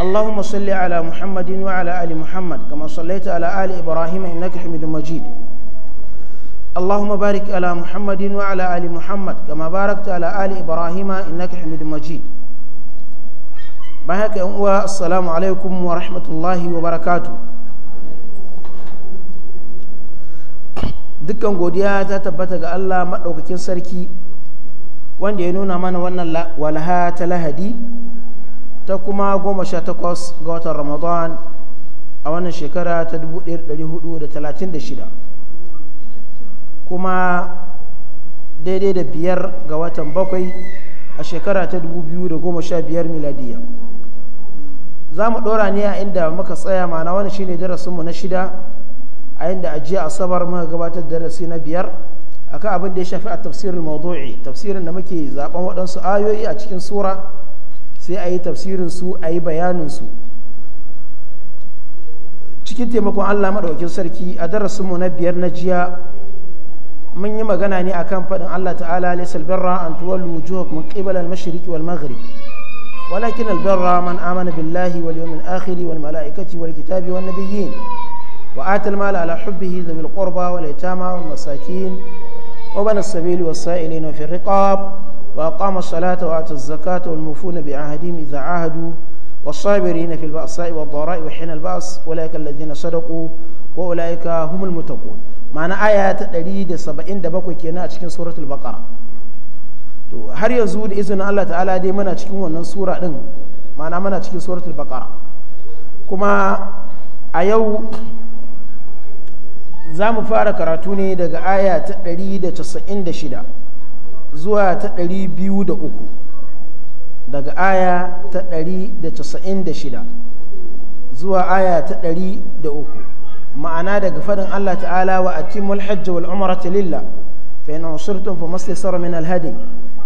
اللهم صل على محمد وعلى آل محمد كما صليت على آل إبراهيم إنك حميد مجيد اللهم بارك على محمد وعلى آل محمد كما باركت على آل إبراهيم إنك حميد مجيد بهك السلام عليكم ورحمة الله وبركاته dukkan godiya ta tabbata ga Allah maɗaukakin sarki wanda ya nuna mana wannan walaha ta lahadi ta kuma goma sha takwas ga watan ramadan a wannan shekara ta 1436 kuma daidai da biyar ga watan bakwai a shekara ta 2015 miladiya za mu ɗora ne a inda muka tsaya mana wani shine mu na shida a inda a ajiya asabar muka gabatar darasi na biyar akan abin da ya shafi a tafsirin maudu'i tafsirin da muke zaben waɗansu ayoyi a cikin sura sai a yi tafsirin su a yi bayanin su cikin taimakon allah maɗaukin sarki a darasin mu na biyar na jiya mun yi magana ne akan faɗin allah ta'ala ala barra an tuwallu wujuhak mun qibal al mashriqi wal maghrib walakin al barra man amana billahi wal yawmil akhir wal malaikati wal kitabi wan nabiyyin wa atal mal ala hubbihi dhil qurba wal yatama wal masakin wa bana as-sabili was sa'ilina fi riqab wa kamar salatu atas zakata walmufu na biyan hadi muzica ahdu wasu abirina filbasai wa bora’i waxinan bas ula kan ladina sadako ko ula ka humna mutuku. ma'ana aya ta ɗari da kenan a cikin soratulbaƙa har yanzu da izinin allah ta'ala dai je manan cikin wannan tsoratidin mana manan cikin soratulbaƙa kuma a yau zamu fara karatu ne daga aya ta ɗari da casa'in da shida. zuwa ta uku daga aya ta shida zuwa aya ta ɗari da uku ma'ana daga fadin Allah ta'ala wa atimul hajj wal umrata lillah fa in usirtum fa mastasar min al hadi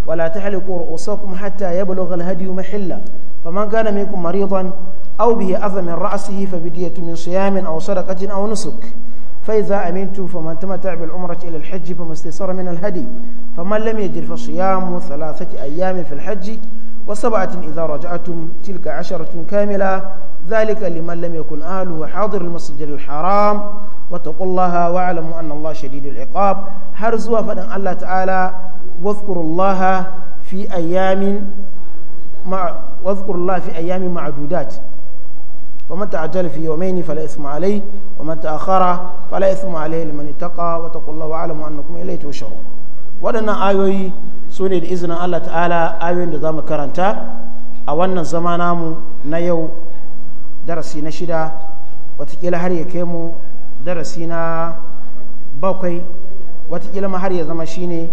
wa la tahliqu ru'usakum hatta yablugha al hadi mahalla fa man kana minkum maridan aw bihi adha min ra'sihi fa bidiyatu min siyamin aw sadaqatin aw nusuk فإذا أمنتم فمن تمتع بالعمرة إلى الحج فما استيسر من الهدي فمن لم يجد فصيام ثلاثة أيام في الحج وسبعة إذا رجعتم تلك عشرة كاملة ذلك لمن لم يكن أهله حاضر المسجد الحرام واتقوا الله واعلموا أن الله شديد العقاب هرزوا فدن الله تعالى واذكروا الله في أيام مع واذكروا الله في أيام معدودات ومن تعجل في يومين فلا إثم عليه ومن تأخر فلا إثم عليه لمن اتقى واتقوا الله وعلم أنكم إليه تشرون ودنا آيوي سوني بإذن الله تعالى آيوي نظام كرنتا أولنا الزمان نيو درسي نشدا وتكيل هري كيمو درسينا bakwai وتكيل ما هري زمشيني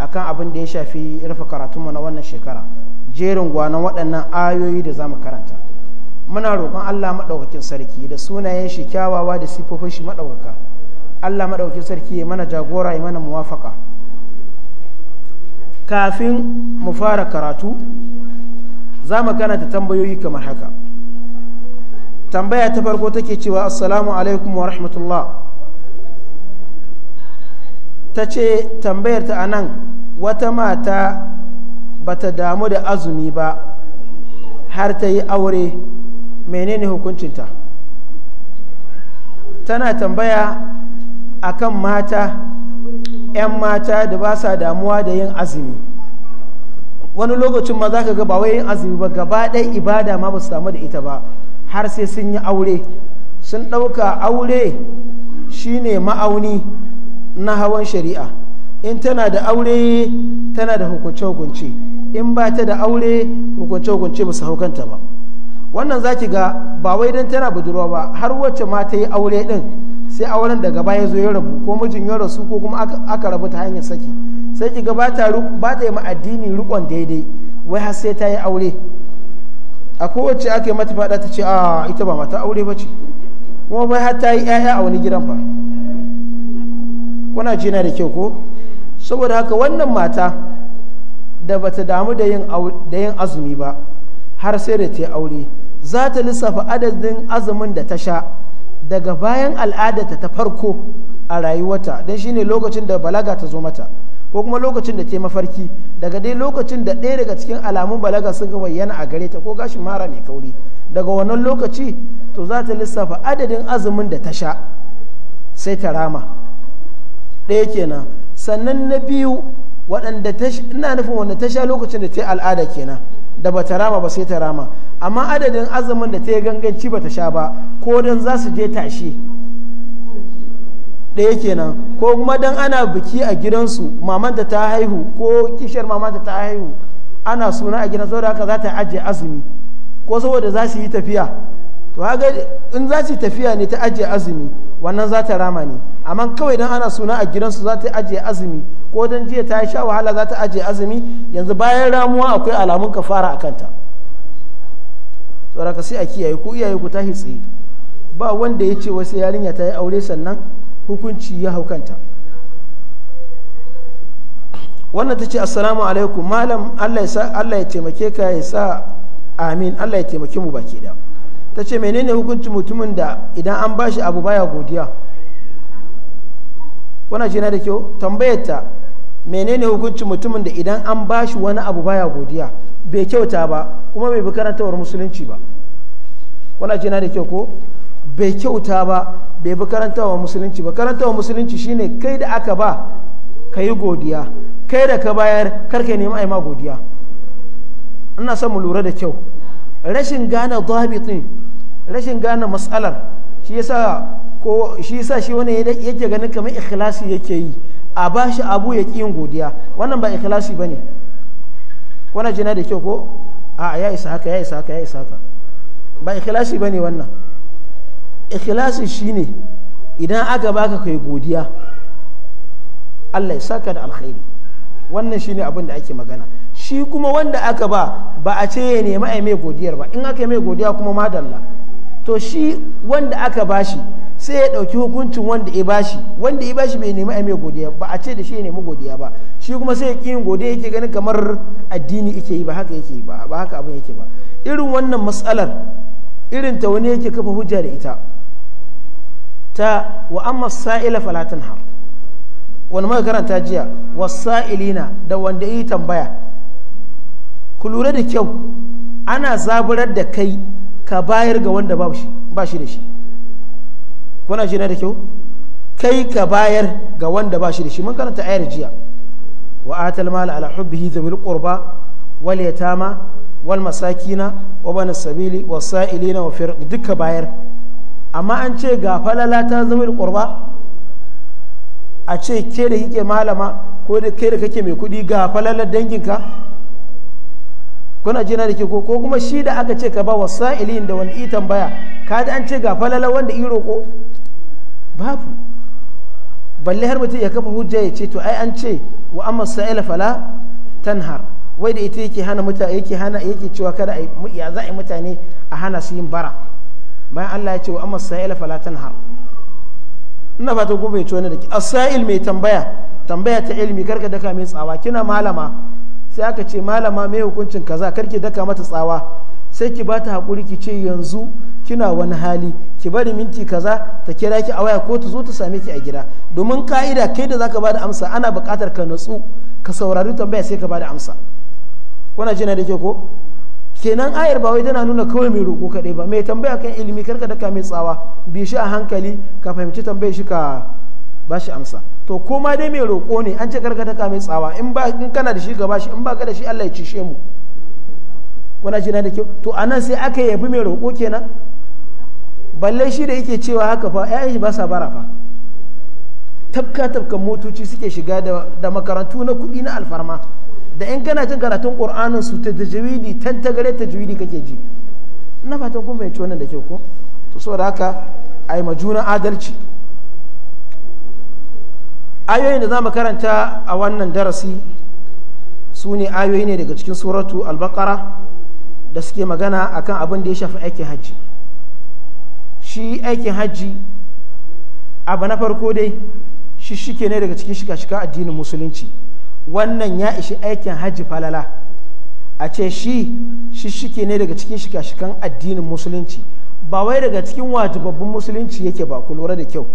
akan abin da ya shafi rufe karatunmu na wannan shekara jerin gwanon waɗannan ayoyi da za mu karanta muna roƙon Allah maɗaukakin sarki da sunayen shi kyawawa da sifofin shi maɗaukaka Allah maɗaukakin sarki ya mana jagora ya mana muwafaka kafin mu fara karatu za mu ta tambayoyi kamar haka tambaya ta farko take cewa assalamu alaikum wa rahmatullah ta ce tambayar ta anan wata mata ba ta damu da azumi ba har ta yi aure menene hukuncinta tana tambaya akan mata 'yan mata da ba sa damuwa da yin azumi wani lokacin ma za ka ga ba wai yin azumi ba gaba ɗaya ibada ma ba su samu da ita ba har sai sun yi aure sun ɗauka aure shine ma'auni na hawan shari'a in tana da aure tana da hukunce-hukunce in ba ta da aure hukunce-hukunce ba su haukanta ba wannan za ki ga ba wai dan tana budurwa ba har wacce ma ta yi aure din sai auren daga baya zo ya rabu ko mijin ya rasu ko kuma aka rabu ta hanyar saki sai ki ga ba ta yi ma addini rikon daidai wai har sai ta yi aure a kowace ake mata fada ta ce a ita ba mata aure ba ce kuma bai har ta yi 'ya'ya a wani gidan fa kuna jina da kyau ko saboda haka wannan mata da bata damu da yin azumi ba har sai da ta aure za ta lissafa adadin azumin da ta sha daga bayan al'adata ta farko a rayuwata don shine lokacin da balaga ta zo mata ko kuma lokacin da ta yi mafarki daga dai lokacin da ɗaya daga cikin alamun balaga suka bayyana a gare ta ko gashin mara mai kauri daga wannan lokaci to za ta lissafa adadin azumin da ta sha sai ta rama ɗaya kenan sannan na biyu waɗanda ina nufin wanda ta sha lokacin da ta yi al'ada kenan da ba ta rama ba sai ta rama amma adadin azumin da ta yi ganganci ba ta sha ba ko don za su je tashe ɗaya kenan ko kuma don ana biki a gidansu mamanta ta haihu ko kishiyar mamanta ta haihu ana suna a gidan saboda haka za ta ajiye azumi ko saboda za su yi tafiya to haka in za su tafiya ne ta ajiye azumi wannan za ta rama ne amma kawai don ana suna a gidansu za ta ajiye azumi ko don jiya ta sha wahala za ta ajiye azumi yanzu bayan ramuwa akwai alamun ka fara a kanta tsoraka sai a kiyaye ko iyaye ku ta tsaye ba wanda ya ce wasu yarinya ta yi aure sannan hukunci ya hau kanta wannan ta ce assalamu alaikum malam allah ya taimake ka ya sa amin allah ya taimake mu baki da ta ce menene hukuncin mutumin da idan an ba shi abu baya godiya wana ce na da kyau tambayar ta menene hukuncin mutumin da idan an ba shi wani abu baya godiya bai kyauta ba kuma bai bi karantawar musulunci ba wana ce na da kyau ko bai kyauta ba bai bi karantawar musulunci ba karantawar musulunci shine kai da aka ba ka yi godiya kai da ka bayar karka nemi ma godiya ina son mu lura da kyau rashin gane dhabitin rashin gane matsalar shi yasa ko shi yasa shi wani yake ganin kamar ikhlasi yake yi a ba shi abu ya yin godiya wannan ba ikhlasi bane wannan jina da kyau ko a ya isa haka ya isa haka ya isa haka ba ikhlasi bane wannan ikhlasi shine idan aka baka kai godiya Allah ya saka da alkhairi wannan shine abin da ake magana shi kuma wanda aka ba ba a ce ya nemi a mai godiyar ba in aka yi mai godiya kuma madalla to shi wanda aka bashi sai ya ɗauki hukuncin wanda ya bashi wanda ya bashi bai nemi godiya ba a ce da shi ya nemi godiya ba shi kuma sai ya ƙi yin godiya yake ganin kamar addini yake yi ba haka yake ba ba haka abin yake ba irin wannan matsalar irin ta wani yake kafa hujja da ita ta wa amma sa'ila falatan har wani maka karanta jiya sa'ilina da wanda yi tambaya ku lura da kyau ana zaburar da kai ka bayar ga wanda ba shi da shi kuna shi na da kyau kai ka bayar ga wanda ba shi da shi mun karanta ayar jiya wa atal mal ala hubbihi zabil qurba wal yatama wal masakina wa banas sabili wasa'ilina sa'ilina wa fir duka bayar amma an ce ga falala ta zabil qurba a ce ke da kike malama ko da ke da kake mai kudi ga falalar danginka kuna jina da ke ko ko kuma shi da aka ce ka ba wa sa'ilin da wani itan baya ka ji an ce ga falala wanda iro ko babu balle har mutum ya kafa hujja ya ce to ai an ce wa amma sa'ila fala tanhar wai da ita yake hana mutane yake hana yake cewa kada ya za a yi mutane a hana su yin bara bayan Allah ya ce wa amma sa'ila fala tanhar ina fata ku bai ci wani da ke asail mai tambaya tambaya ta ilimi karka daka mai tsawa kina malama sai aka ce malama mai hukuncin kaza kar karki daka mata tsawa sai ki bata hakuri ki ce yanzu kina wani hali ki bari minti kaza ta kira ki a waya ko ta zo ta same ki a gida domin ka'ida kai da zaka bada amsa ana bukatar ka natsu ka saurari tambaya sai ka bada amsa kuna jina da ke ko kenan ayar ba wai tana nuna kawai mai roƙo kaɗai ba mai tambaya kan ilimi kar ka daka mai tsawa bi shi a hankali ka fahimci tambayar shi ka bashi amsa to koma dai mai roƙo ne an ce gargada ka mai tsawa in ba in kana da shi gaba shi in ba ka da shi Allah ya cishe mu kuna shi na da kyau to anan sai aka yabi mai roƙo kenan balle shi da yake cewa haka fa ai shi ba sa bara fa tafka tafkan motoci suke shiga da makarantu na kuɗi na alfarma da in kana jin karatun qur'anin su ta tajwidi tan tagare tajwidi kake ji ina fatan kun ci wannan da kyau ko to saboda haka ai ma juna adalci ayoyin da za mu karanta a wannan darasi su ne ayoyi ne daga cikin suratu albakara da suke magana akan abin da ya shafi aikin hajji shi aikin hajji abu na farko dai shi shike ne daga cikin shika-shika addinin musulunci wannan ya ishi aikin hajji falala a ce shi shi shike ne daga cikin shika-shikan addinin musulunci ba wai daga cikin wajibabbin musulunci yake ba ku lura da kyau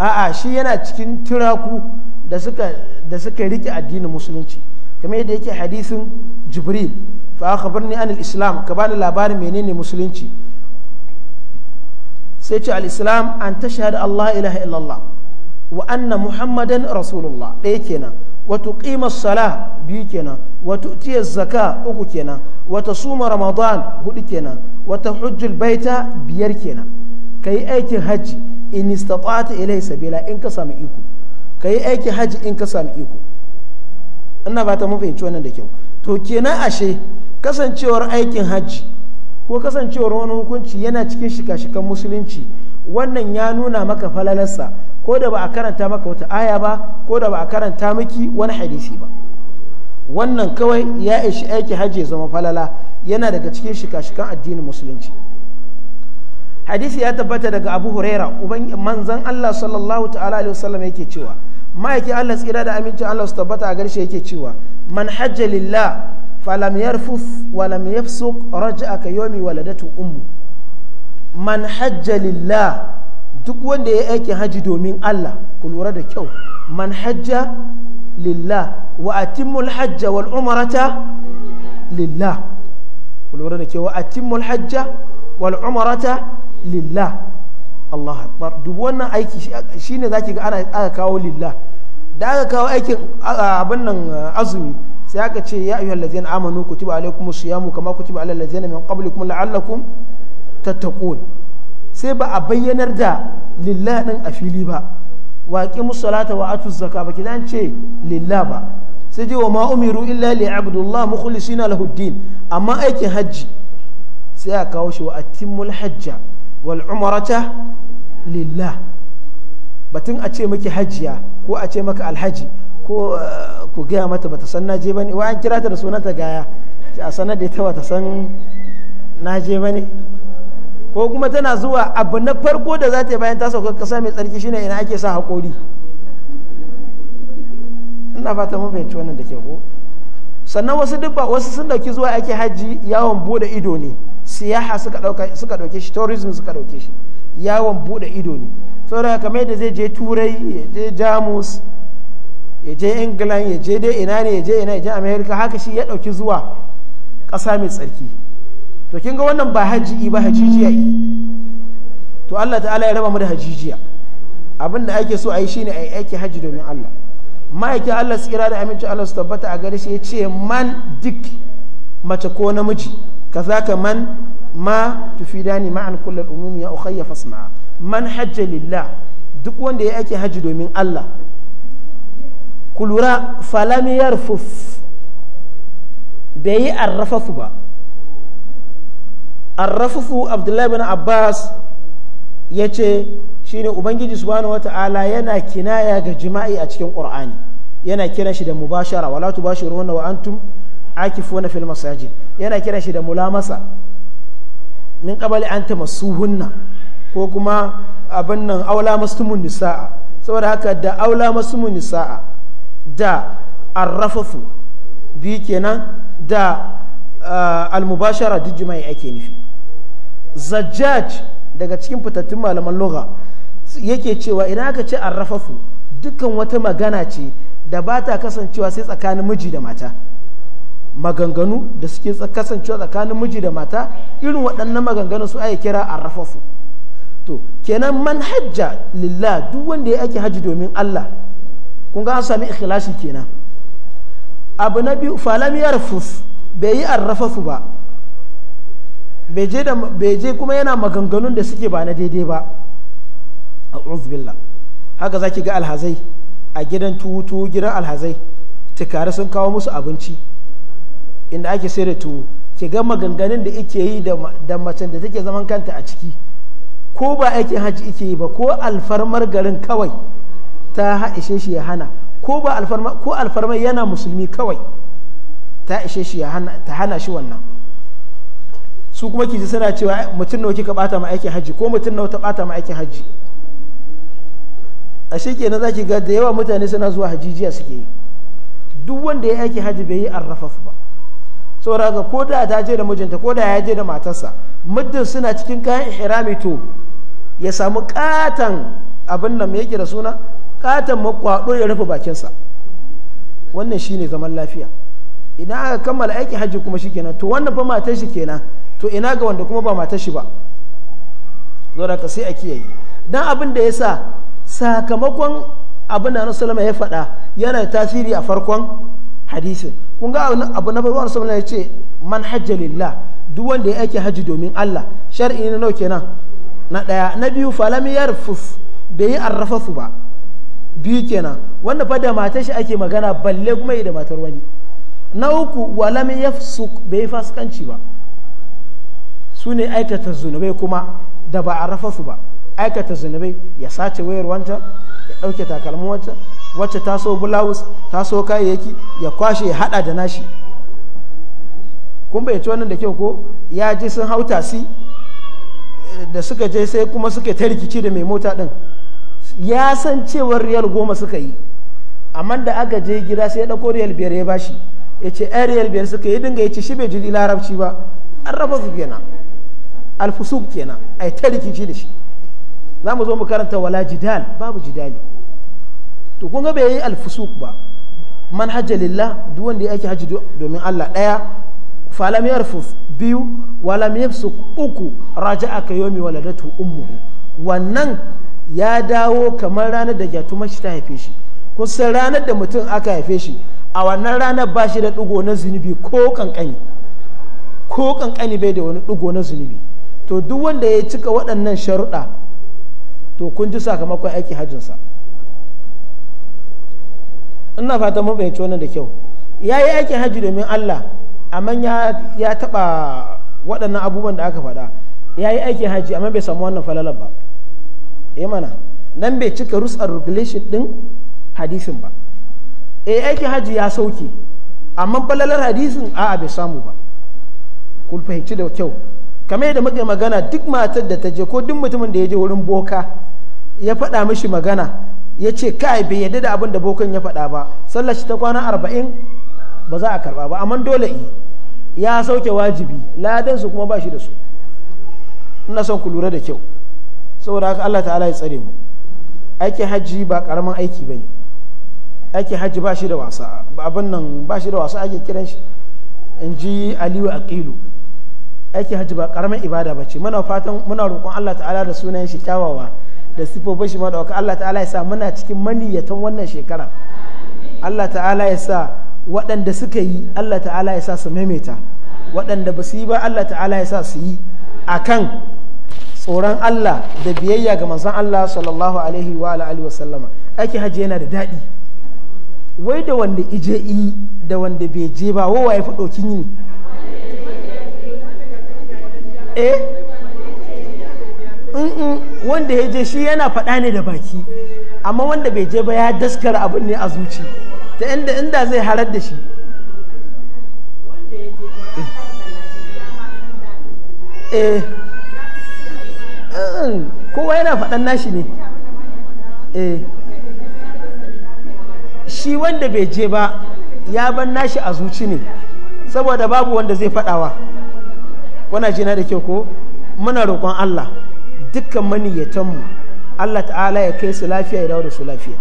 a'a shi yana cikin turaku da suka da suka rike addinin musulunci kamar yadda yake hadisin jibril fa akhbarni an al-islam ka bani labarin menene musulunci sai ce al-islam an tashhadu allah ilaha illallah wa anna muhammadan rasulullah ɗaya kenan wa tuqima as biyu kenan wa tu'ti zaka uku kenan wata suma ramadan hudu kenan wata hujjul baita biyar kenan kai aikin hajji in istata'ta ilayhi sabila in ka samu iko kai aiki haji in ka samu iko ina ba ta mun fahimci wannan da kyau to kenan ashe kasancewar aikin hajji ko kasancewar wani hukunci yana cikin shika-shikan musulunci wannan ya nuna maka falalarsa ko da ba a karanta maka wata aya ba ko da ba a karanta miki wani hadisi ba wannan kawai ya ishi aiki hajji ya zama falala yana daga cikin shika-shikan addinin musulunci hadisi ya tabbata daga abu huraira uban manzan allah sallallahu ta'ala alaihi wasallam yake cewa ma'aikin allah tsira da amincin allah su tabbata a garshe yake cewa man hajja lillah falam yarfuf su yafsuq raja'a ka yomi waladatu ummu man hajja lillah duk wanda ya aikin haji domin allah ku lura da kyau man hajja lillah wa atimmul hajja wal umrata lillah ku lura da kyau wa atimmul hajja wal umrata lillah Allah akbar dubu wannan aiki shine zaki ga ana aka kawo lillah da aka kawo aikin abin nan azumi sai aka ce ya ayyuhal ladzina amanu kutiba alaykum siyamu kama kutiba alal ladzina min qablikum la'allakum tattaqun sai ba a bayyanar da lillah din a fili ba waqi salata wa atuz zaka ba kidan ce lillah ba sai je wa ma umiru illa li abdullah mukhlisina lahu din amma aikin hajji sai a kawo shi wa atimul hajja wal umrata lillah batun a ce maki hajiya ko a ce maka alhaji ko eh, ku gaya mata bata san naje bane wa an kira ta da sunanta gaya a sanar da ita bata san naje bane ko kuma tana zuwa abu na farko da za ta bayan ta sauka kasa mai tsarki shine ina ake sa haƙori ina fata mun fahimci wannan da ke ko sannan wasu duk wasu sun dauki zuwa ake haji yawon bude ido ne siyaha suka dauka suka dauke shi tourism suka dauke shi yawon bude ido ne saboda kamar da zai je turai ya je jamus ya je england ya je dai ina ne ya je ina ya je america haka shi ya dauki zuwa ƙasa mai tsarki to kin ga wannan ba hajji ba hajijiya yi to Allah ta'ala ya raba mu da hajijiya abin da ake so a yi shine a yi aiki hajji domin Allah ma'aikin Allah tsira da aminci Allah su tabbata a gare shi ya ce man dik mace ko namiji ka man ma tufidani ma'an kullal umumi ya ya fasma'a man hajja duk wanda ya ake hajji domin Allah ku lura falamiyar fuf bai yi arrafafu ba arrafafu abdullahi bin abbas ya ce shi ne ubangiji subhanahu wata'ala yana kinaya ga jima'i a cikin ƙur'ani yana kiran shi da mubashara wala na wa antum akifuna fil masajid yana kiran shi da mulamasa min kabali an ta tamassuhunna ko kuma abin nan aula mastumun nisaa saboda haka da aula mastumun nisaa da arrafafu bi kenan da ah, almubashara duk jima'i ake nufi zajjaj daga cikin fitattun malaman loga yake cewa idan aka ce arrafafu dukkan wata magana ce da ba ta kasancewa sai tsakanin miji da mata maganganu da suke kasancewa tsakanin miji da mata irin waɗannan maganganu su ake kira arrafafu to kenan man hajja lillah duk wanda ya ake haji domin Allah kun ga an sami ikhlasi kenan abu na biyu falam yarfuf bai yi arrafafu ba bai je kuma yana maganganun da suke ba na daidai ba a uzbillah haka zaki ga alhazai a gidan tuwutu gidan alhazai tukare sun kawo musu abinci inda ake sai da tuwo ke ga maganganun da ike yi da macen da take zaman kanta a ciki ko ba aikin hajji ike yi ba ko alfarmar garin kawai ta ishe shi ya hana ko ba alfarmar ko alfarmar yana musulmi kawai ta ishe shi ya hana ta hana shi wannan su kuma ji suna cewa mutum nawa kika bata ma aikin hajji ko mutum nawa ta bata ma aikin hajji a shi kenan zaki ga da yawa mutane suna zuwa jiya suke yi duk wanda ya aiki hajji bai yi arrafafu ba saboda ko da ta je da mijinta ko da ya je da matarsa muddin suna cikin kayan ihrami to ya samu katan abin nan yake da suna katan makwado ya rufe bakinsa wannan shine zaman lafiya idan aka kammala aiki hajji kuma shikenan to wannan fa matar shi kenan to ina ga wanda kuma ba matar shi ba a ka sai a kiyaye dan abin da yasa sakamakon abin da Annabi ya faɗa yana tasiri a farkon hadisin kun ga abu na farko sallallahu ya ce man hajja lillah duk wanda ya aiki haji domin Allah shar'i ne kenan na daya na biyu falam yarfus bai yi arrafasu ba biyu kenan wanda fa da matar shi ake magana balle kuma yi da matar wani na uku walam yafsuk bai fasikanci ba su ne aikata zunubai kuma da ba a su ba aikata zunubai ya sace wayar wancan ya ɗauke takalmin wancan wacce ta so bulawus ta so kayayyaki ya kwashe ya hada da nashi kun ci wannan da kyau ko ya ji sun hau tasi eh, da suka je sai kuma suka ta rikici da mai mota din ya san cewar riyal goma suka yi amma da aka je gida sai ya dauko riyal biyar ya bashi ya ce yan riyal biyar suka yi dinga ya ce shi bai ji larabci ba an raba su kenan alfusuk kenan a ta rikici da shi za mu zo mu karanta wala jidal babu jidali to kun ga bai yi alfusuk ba manhaja lillah duk wanda ya aiki hajji domin Allah daya falam yarfus biyu walam yafsuk uku raja'a ka yomi waladatu ummuhu wannan ya dawo kamar ranar da gyatuma shi ta haife shi Kun san ranar da mutum aka haife shi a wannan ranar ba shi da ɗigo na zunubi ko kankani ko kankani bai da wani ɗigo na zunubi to duk wanda ya cika waɗannan sharuɗa to kun ji sakamakon aiki hajjinsa ina fata mun fahimci wannan da kyau ya yi aikin hajji domin Allah amma ya taɓa waɗannan abubuwan da aka faɗa ya yi aikin hajji amma bai samu wannan falalar ba ya eh mana nan bai cika rules and regulation ɗin hadisin ba e aikin hajji ya sauke amma falalar hadisin a'a bai samu ba ku fahimci da kyau kamar yadda muke magana duk matar da ta je ko duk mutumin da ya je wurin boka ya faɗa mishi magana ya ce kai bai yadda da abin da bokan ya faɗa ba sallar shi ta kwana arba'in ba za a karɓa ba amma dole yi ya sauke wajibi ladan su kuma ba shi da su ina son ku lura da kyau saboda haka Allah ta'ala ya tsare mu aikin hajji ba karamin aiki bane aikin hajji ba shi da wasa abin nan ba shi da wasa ake kiran shi in ji aliyu aqilu aikin hajji ba karamin ibada bace muna fatan muna roƙon Allah ta'ala da sunayen shi kyawawa da sifofin shi madawaka Allah ta'ala ya sa muna cikin maniyatan wannan shekara Allah ta'ala ya sa waɗanda suka yi Allah ta'ala ya sa su maimaita waɗanda ba su yi ba Allah ta'ala ya sa su yi a kan tsoron Allah da biyayya ga manzon Allah sallallahu alaihi wa alihi wa sallama aiki hajji yana da daɗi wai da wanda ije yi da wanda bai je ba wowa ya fi ɗokin yi eh wanda ya je shi yana faɗa ne da baki amma wanda bai je ba ya daskar abin ne a zuci ta inda inda zai harar da shi eh, eh kowa yana faɗan nashi ne eh shi wanda bai je ba ya ban nashi a zuci ne saboda babu wanda zai faɗawa wana jina da kyau ko muna roƙon Allah dukkan maniyyatanmu Allah ta'ala ya kai su lafiya ya dawo da su lafiya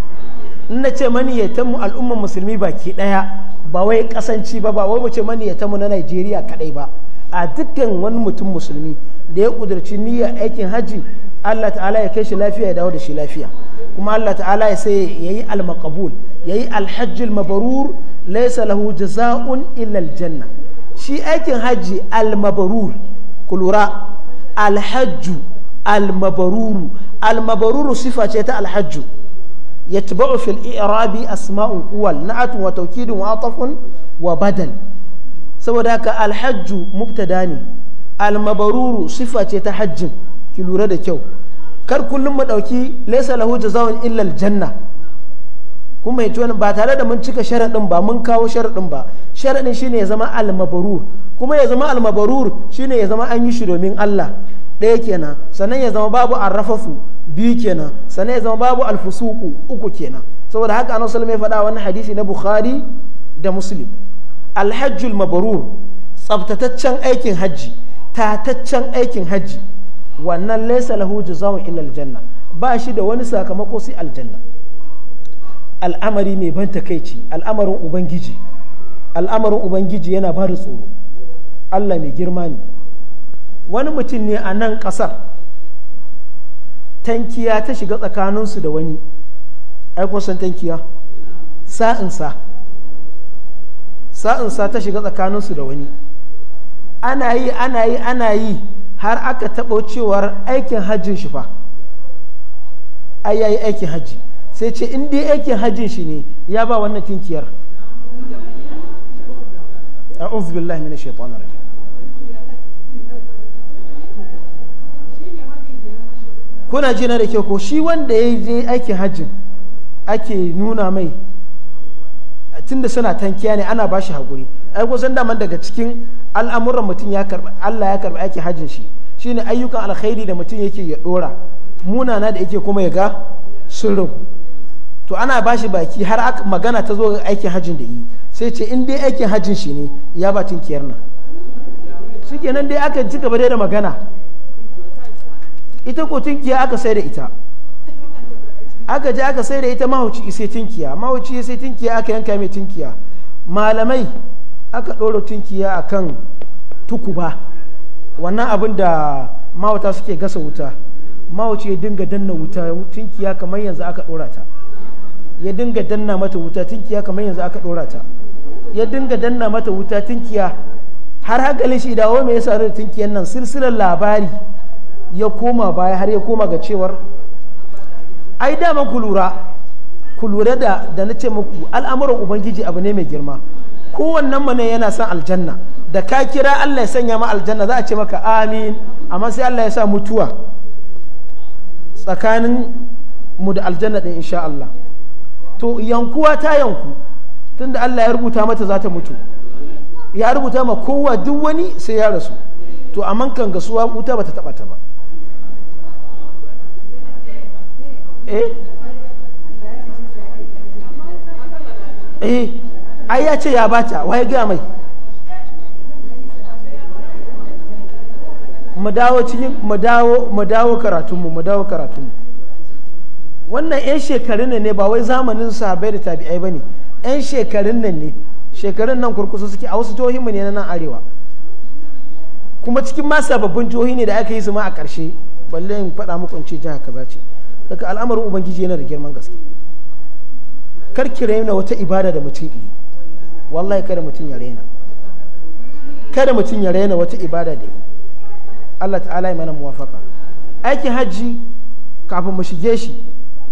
in na ce maniyyatanmu al'umman musulmi baki daya ba wai kasanci ba ba wai mu ce maniyyatanmu na Najeriya kadai ba a dukkan wani mutum musulmi da ya kudurci niyya aikin hajji Allah ta'ala ya kai shi lafiya ya dawo da shi lafiya kuma Allah ta'ala ya sai yayi al-maqbul yayi al-hajjul mabrur laysa lahu jazaa'un illa al-janna shi aikin hajji al-mabrur kulura al-hajju almabaruru almabaruru sifa ce ta alhajju yatba'u fil i'rabi asma'un uwal na'atun wa tawkidun wa atafun wa badal saboda haka alhajju mubtada ne almabaruru sifa ce ta hajjin ki lura da kyau kar kullum mu dauki laysa lahu jazaa'un illa aljanna kuma yace wani ba tare da mun cika sharadin ba mun kawo sharadin ba sharadin shine ya zama almabarur kuma ya zama almabarur shine ya zama an yi shi domin Allah ɗaya kenan sannan ya zama babu arrafasu biyu kenan sannan ya zama babu alfusuku uku kenan saboda haka annabi sallallahu alaihi faɗa wannan hadisi na bukhari da muslim alhajjul mabrur tsabtataccen aikin hajji tataccen aikin hajji wannan laisa lahu jazaa'un illa aljanna ba shi da wani sakamako sai aljanna al'amari mai ban takaici al'amarin ubangiji al'amarin ubangiji yana ba da tsoro allah mai girma ne wani mutum ne a nan ƙasar tankiya ta shiga tsakaninsu da wani aikun san tankiya sa'insa sa'insa ta shiga tsakaninsu da wani ana yi ana yi ana yi har aka taɓo cewar aikin hajjin shi fa ai yayi aikin hajji sai ce in dai aikin hajjin shi ne ya ba wannan tinkiyar a'udhu billahi minash shaitanir rajim kuna jina da kyau ko shi wanda ya je aikin hajji ake nuna mai tunda suna tankiya ne ana bashi haƙuri ai ko san daman daga cikin al'amuran mutum ya karba Allah ya karba aikin hajjin shi shine ayyukan alkhairi da mutum yake ya dora munana da yake kuma ya ga sun ragu to ana bashi baki har magana ta zo ga aikin hajjin da yi sai ce in dai aikin hajjin shi ne ya ba tinkiyar nan kenan dai aka ci gaba dai da magana ita ko tunkiya aka sai da ita aka je aka sai da ita mahauci sai tunkiya mahauci sai tunkiya aka yanka mai tunkiya malamai aka ɗora tunkiya a kan tukuba wannan abin da mawata suke gasa wuta mahauci ya dinga danna wuta tunkiya kamar yanzu aka ɗora ta ya dinga danna mata wuta tunkiya kamar yanzu aka ɗora ta ya dinga danna mata wuta tunkiya har hankalin shi dawo mai yasa da tunkiyan nan silsilar labari ya koma baya har ya koma ga cewar ai dama ku lura ku lura da da na ce muku al'amuran ubangiji abu ne mai girma kowannen mu ne yana son aljanna da ka kira Allah ya sanya ma aljanna za a ce maka amin amma sai Allah ya sa mutuwa tsakanin mu da aljanna din insha Allah to yankuwa ta yanku tunda Allah ya rubuta mata za ta mutu ya rubuta ma kowa duk wani sai ya rasu to amma kan gasuwa wuta bata taba ta ba eh eh ai ya ce ya bata waye gaya mai mu dawo cikin mu dawo mu dawo karatunmu mu dawo karatunmu wannan 'yan shekarun nan ne ba wai zamanin sahabbai da tabi'ai ba ne 'yan shekarun nan ne shekarun nan kurkusa suke a wasu jihohinmu ne na nan arewa kuma cikin ma sababbin jihohi ne da aka yi su ma a ƙarshe balle in faɗa muku in ce jiha kaza ce daga al'amarin ubangiji yana da girman gaske kar ki raina wata ibada da mutum yi wallahi kada mutum ya raina kada mutum ya raina wata ibada da yi Allah ta'ala ya mana muwafaka aikin hajji kafin mu shige shi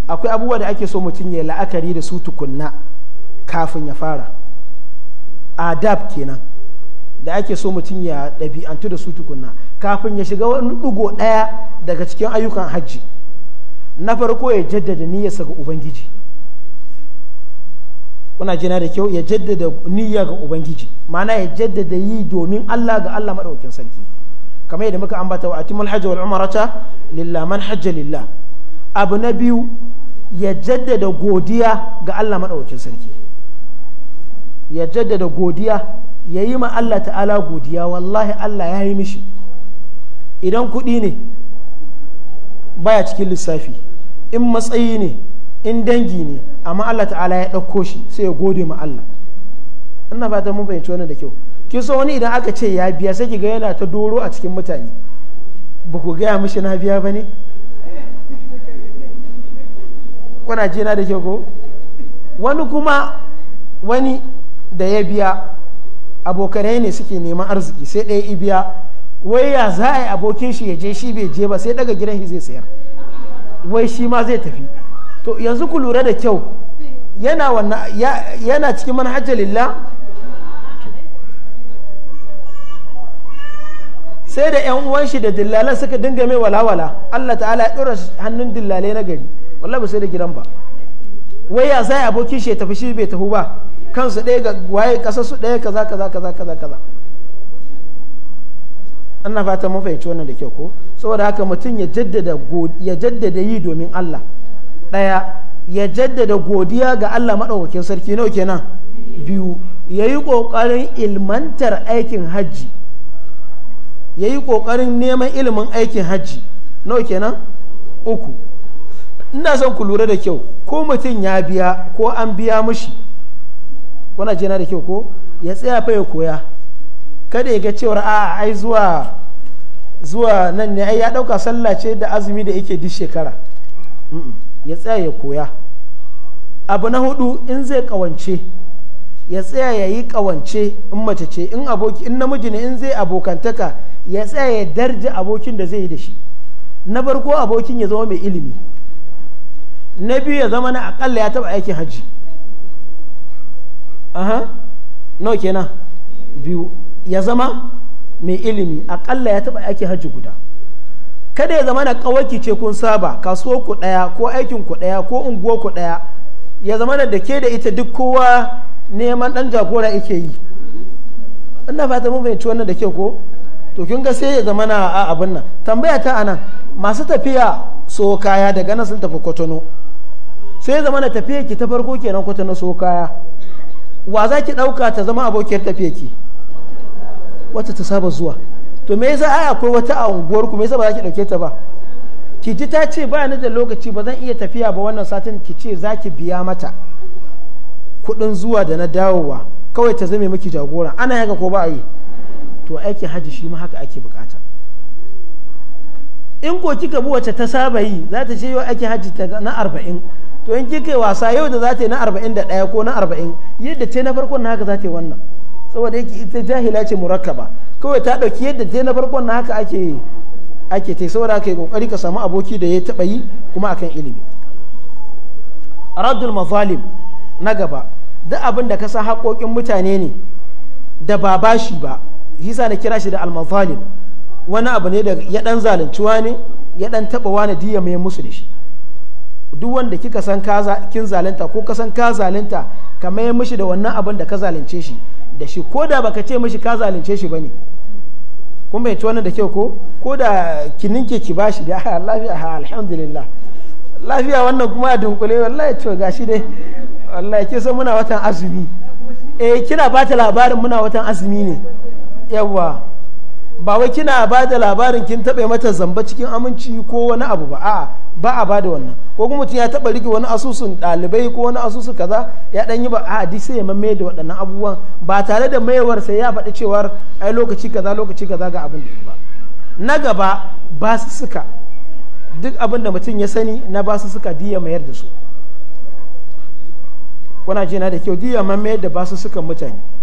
akwai abubuwa da ake so mutum ya la'akari da su tukunna kafin ya fara adab kenan da ake so mutum ya ɗabi'antu da su tukunna kafin ya shiga wani ɗugo ɗaya daga cikin ayyukan hajji na farko ya jaddada niyyarsa ga ubangiji kuna jina da kyau ya jaddada niyya ga ubangiji ma'ana ya jaddada yi domin Allah ga Allah madaukakin sarki kamar yadda muka ambata wa atimul hajj wal umrata lillah man hajja lillah abu na biyu ya jaddada godiya ga Allah madaukakin sarki ya jaddada godiya ya yi ma Allah ta'ala godiya wallahi Allah ya yi mishi idan kuɗi ne baya cikin lissafi in matsayi ne in dangi ne amma Allah ta'ala ya ɗauko shi sai ya gode ma Allah ina fata mun fahimci wannan da kyau ki so wani idan aka ce ya biya sai ki ga yana ta doro a cikin mutane ba ku gaya mishi na biya ba ne kuna jina da kyau ko wani kuma wani da ya biya abokanai ne suke neman arziki sai ɗaya ibiya wai ya za a yi abokin shi ya je shi bai je ba sai daga gidan shi zai sayar wai shi ma zai tafi to yanzu ku lura da kyau yana yana cikin manhajar lilla. sai da yan uwan shi da dillalan suka dinga mai walawala Allah ta'ala ya dora hannun dillalai na gari wallahi ba sai da gidan ba wai ya sai abokin shi ya tafi shi bai tafi ba kansu ɗaya ga waye kasa su ɗaya kaza kaza kaza kaza kaza ana fata mun fahimci wannan da kyau ko saboda haka mutum ya jaddada yi domin Allah ɗaya ya jaddada godiya ga Allah maɗaukakin sarki nawa kenan biyu ya yi ƙoƙarin ilmantar aikin hajji ya yi ƙoƙarin neman ilimin aikin hajji nawa kenan uku ina son ku lura da kyau ko mutum ya biya ko an biya mushi kuna jina da kyau ko ya tsaya fa ya koya kada ya ga cewar a ai zuwa zuwa nan ne ai ya dauka sallah ce da azumi da yake duk shekara ya tsaya ya koya abu na hudu in zai kawance ya tsaya ya yi kawance in mace ce in aboki in namiji ne in zai abokantaka ya tsaya ya darja abokin da zai yi da shi na farko abokin ya zama mai ilimi na biyu ya zama na akalla ya taba aikin hajji aha nawa kenan biyu ya zama mai ilimi akalla ya taba aiki hajji guda kada ya zama na kawaki ce kun saba kasuwar ku daya ko aikin ku daya ko unguwa ku daya ya zama na da ke da ita duk kowa neman dan jagora yake yi ina fata mun fahimci wannan da ke ko to kin ga sai ya zama na a abin nan tambaya ta anan masu tafiya so kaya daga nan sun tafi kwatano sai ya zama na tafiya ki ta farko kenan kwatano so kaya wa za ki dauka ta zama abokiyar tafiya ki wata ta saba zuwa to me yasa ai akwai wata a unguwar ku me yasa ba za ki dauke ta ba kiji ta ce ba ni da lokaci ba zan iya tafiya ba wannan satin ki ce za ki biya mata kuɗin zuwa da na dawowa kawai ta zame miki jagora ana haka ko ba a yi to aikin hajji shi ma haka ake bukata in ko kika bi wacce ta saba yi za ta ce yau haji hajji na arba'in to in kika wasa yau da za ta yi na arba'in da ɗaya ko na arba'in yadda ta na farkon na haka za ta yi wannan saboda yake ita jahila ce murakkaba kawai ta dauki yadda ta na farkon na haka ake ake ta saboda aka yi kokari ka samu aboki da ya taba yi kuma akan ilimi raddul mazalim na gaba duk abin da ka san haƙoƙin mutane ne da ba bashi ba shi sa na kira shi da almazalim wani abu ne da ya dan zalunciwa ne ya dan taba wani diya mai musu da shi duk wanda kika san kin zalunta ko ka san ka zalunta ka mai mishi da wannan abin da ka zalunce shi da shi ko da baka ce mishi ka zalunce shi bane kun bai ci wannan da kyau ko ko da ki ninke ki bashi da lafiya ha alhamdulillah lafiya wannan kuma a dunkule wallahi to gashi dai wallahi ke san muna watan azumi eh kina bata labarin muna watan azumi ne yawwa ba wai kina ba da labarin kin taɓa mata zamba cikin aminci ko wani abu ba a'a ba a ba da wannan ko kuma mutum ya taɓa rike wani asusun ɗalibai ko wani asusun kaza ya ɗan yi ba a duk sai ya mamaye da waɗannan abubuwan ba tare da mayewar sai ya faɗi cewar ai lokaci kaza lokaci kaza ga abin da ba na gaba ba su suka duk abin da mutum ya sani na ba su suka diya mayar da su kuna jina da kyau diya mamaye da ba su suka mutane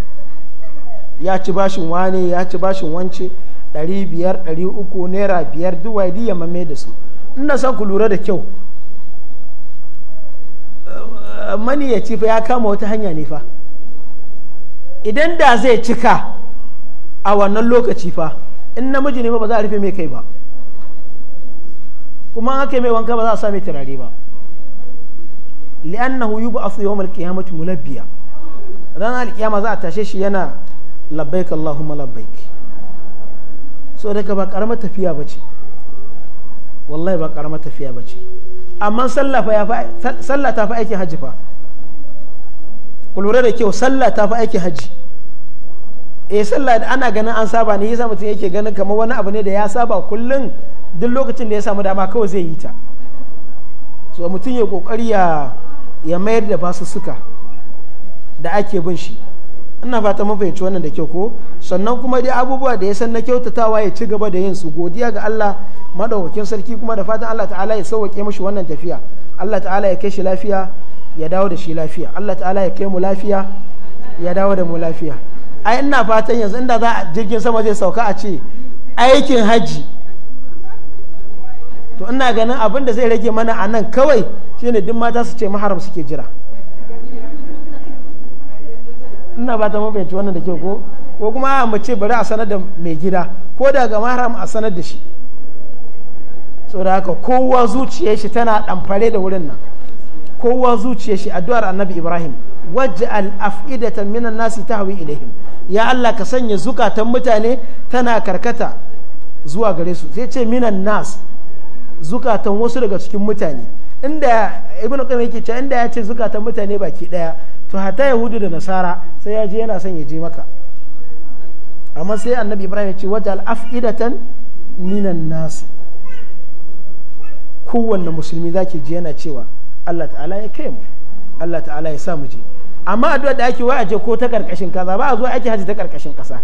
ya ci bashin wane ya ci bashin wance ɗari biyar ɗari uku naira biyar duk wadi ya mame da su ina sa ku lura da kyau eh, mani ya ci fa ya kama wata hanya ne fa idan da zai cika a wannan lokaci fa in namiji ne ba za a rufe mai kai ba kuma an aka mai wanka ba za a sami turare ba li'annahu yubu asu yawmal qiyamati mulabbiya ranar alkiyama za a tashe shi yana labbaik Allahumma labbaik so daga ba karama tafiya ba ce wallahi ba karama tafiya ba ce amma sallah ta fi aikin hajji fa ku lura da kyau sallah ta fi aikin hajji eh sallah ana ganin an saba ne yasa mutum yake ganin kamar wani abu ne da ya saba kullum duk lokacin da ya samu dama kawai zai yi ta so mutum ya kokari ya mayar da basu suka da ake bin shi ina fata mun fahimci wannan da kyau ko sannan kuma dai abubuwa da ya san na kyautatawa ya ci gaba da yin su godiya ga Allah madaukakin sarki kuma da fatan Allah ta'ala ya sauke mishi wannan tafiya Allah ta'ala ya kai shi lafiya ya dawo da shi lafiya Allah ta'ala ya kai mu lafiya ya dawo da mu lafiya ai ina fatan yanzu inda za jirgin sama zai sauka a ce aikin hajji to ina ganin abin da zai rage mana a nan kawai shine duk mata su ce maharam suke jira ina ba ta mabayanci wannan da ke ko ko kuma a mace bari a sanar da mai gida ko da ga mahram a sanar da shi saboda haka kowa zuciyar shi tana damfare da wurin nan kowa zuciyar shi addu'ar annabi ibrahim waj'al af'idatan minan nasi tahwi ilaihim ya Allah ka sanya zukatan mutane tana karkata zuwa gare su sai ce minan nas zukatan wasu daga cikin mutane inda ibnu qayyim yake cewa inda ya ce zukatan mutane baki daya to hatta yahudu da nasara sai ya je yana son ya je maka amma sai annabi ibrahim ya ce wata al'afidatan minan nasu kowanne musulmi za ki ji yana cewa allah ta'ala ya kai mu allah ta'ala ya sa mu je amma addu'a da ake wai a je ko ta karkashin kasa ba a zo ake haji ta karkashin kasa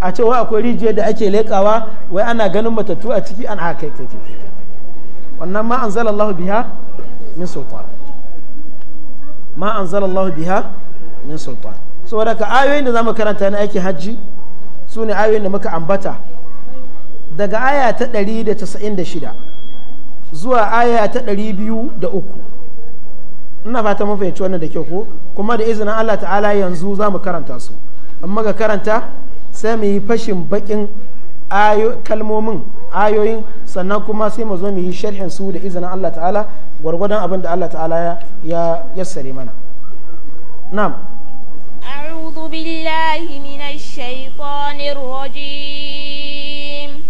a ce wai akwai rijiyar da ake lekawa wai ana ganin matattu a ciki an haka kai kai wannan ma anzalallahu biha min sultan ma anzalallahu biha min sultan saboda ka ayoyin da zamu karanta na aikin hajji su ne ayoyin da muka ambata daga aya ta 196 zuwa aya ta 203 ina fata mun fahimci wannan da kyau ko kuma da izinin Allah ta'ala yanzu za mu karanta su amma ga karanta sai mu yi fashin bakin kalmomin ayoyin sannan kuma sai mu zo mu yi sharhin su da izinin Allah ta'ala gwargwadon abin da Allah ta'ala ya yassare mana na'am a'udhu billahi minash shaitanir rajim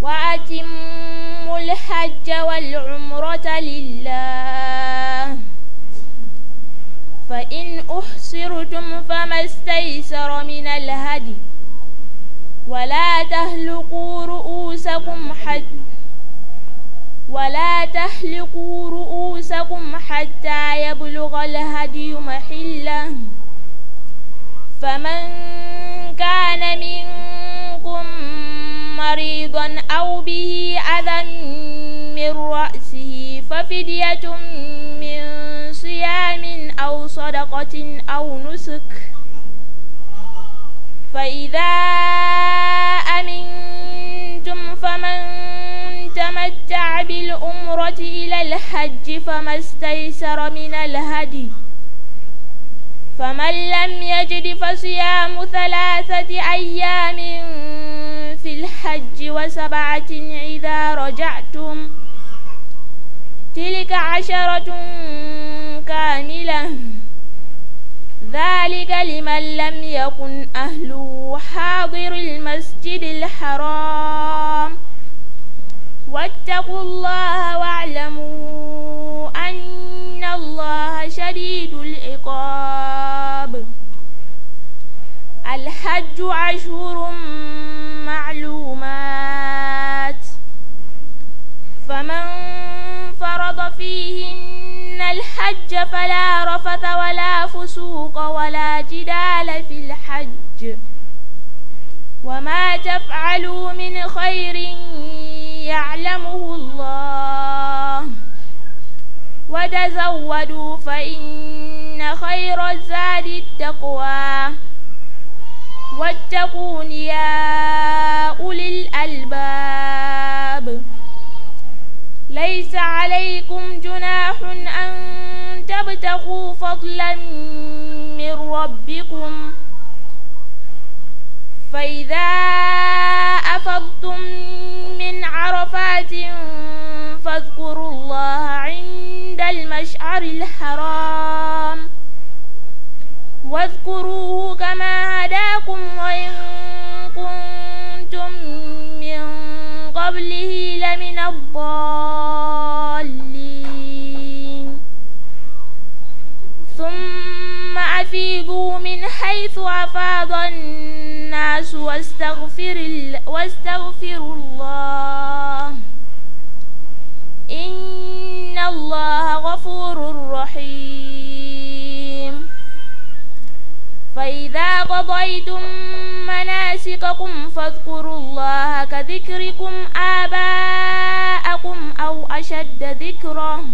wa atimul hajj wal umrata lillah fa in uhsirtum fama istaysara minal hadi ولا تهلقوا رؤوسكم حتى ولا تهلقوا رؤوسكم حتى يبلغ الهدي محله فمن كان منكم مريضا أو به أذى من رأسه ففدية من صيام أو صدقة أو نسك فإذا أمنتم فمن تمتع بالأمرة إلى الحج فما استيسر من الهدي فمن لم يجد فصيام ثلاثة أيام في الحج وسبعة إذا رجعتم تلك عشرة كاملة ذلك لمن لم يكن أهله حاضر المسجد الحرام واتقوا الله واعلموا أن الله شديد العقاب الحج أشهر الحج فلا رفث ولا فسوق ولا جدال في الحج وما تفعلوا من خير يعلمه الله وتزودوا فإن خير الزاد التقوى واتقون يا أولي الألباب ليس عليكم جناح أن تبتغوا فضلا من ربكم فإذا أفضتم من عرفات فاذكروا الله عند المشعر الحرام واذكروه كما هداكم وإن كنتم من قبله لمن الضالين من حيث أفاض الناس واستغفر واستغفر الله إن الله غفور رحيم فإذا قضيتم مناسككم فاذكروا الله كذكركم آباءكم أو أشد ذكرًا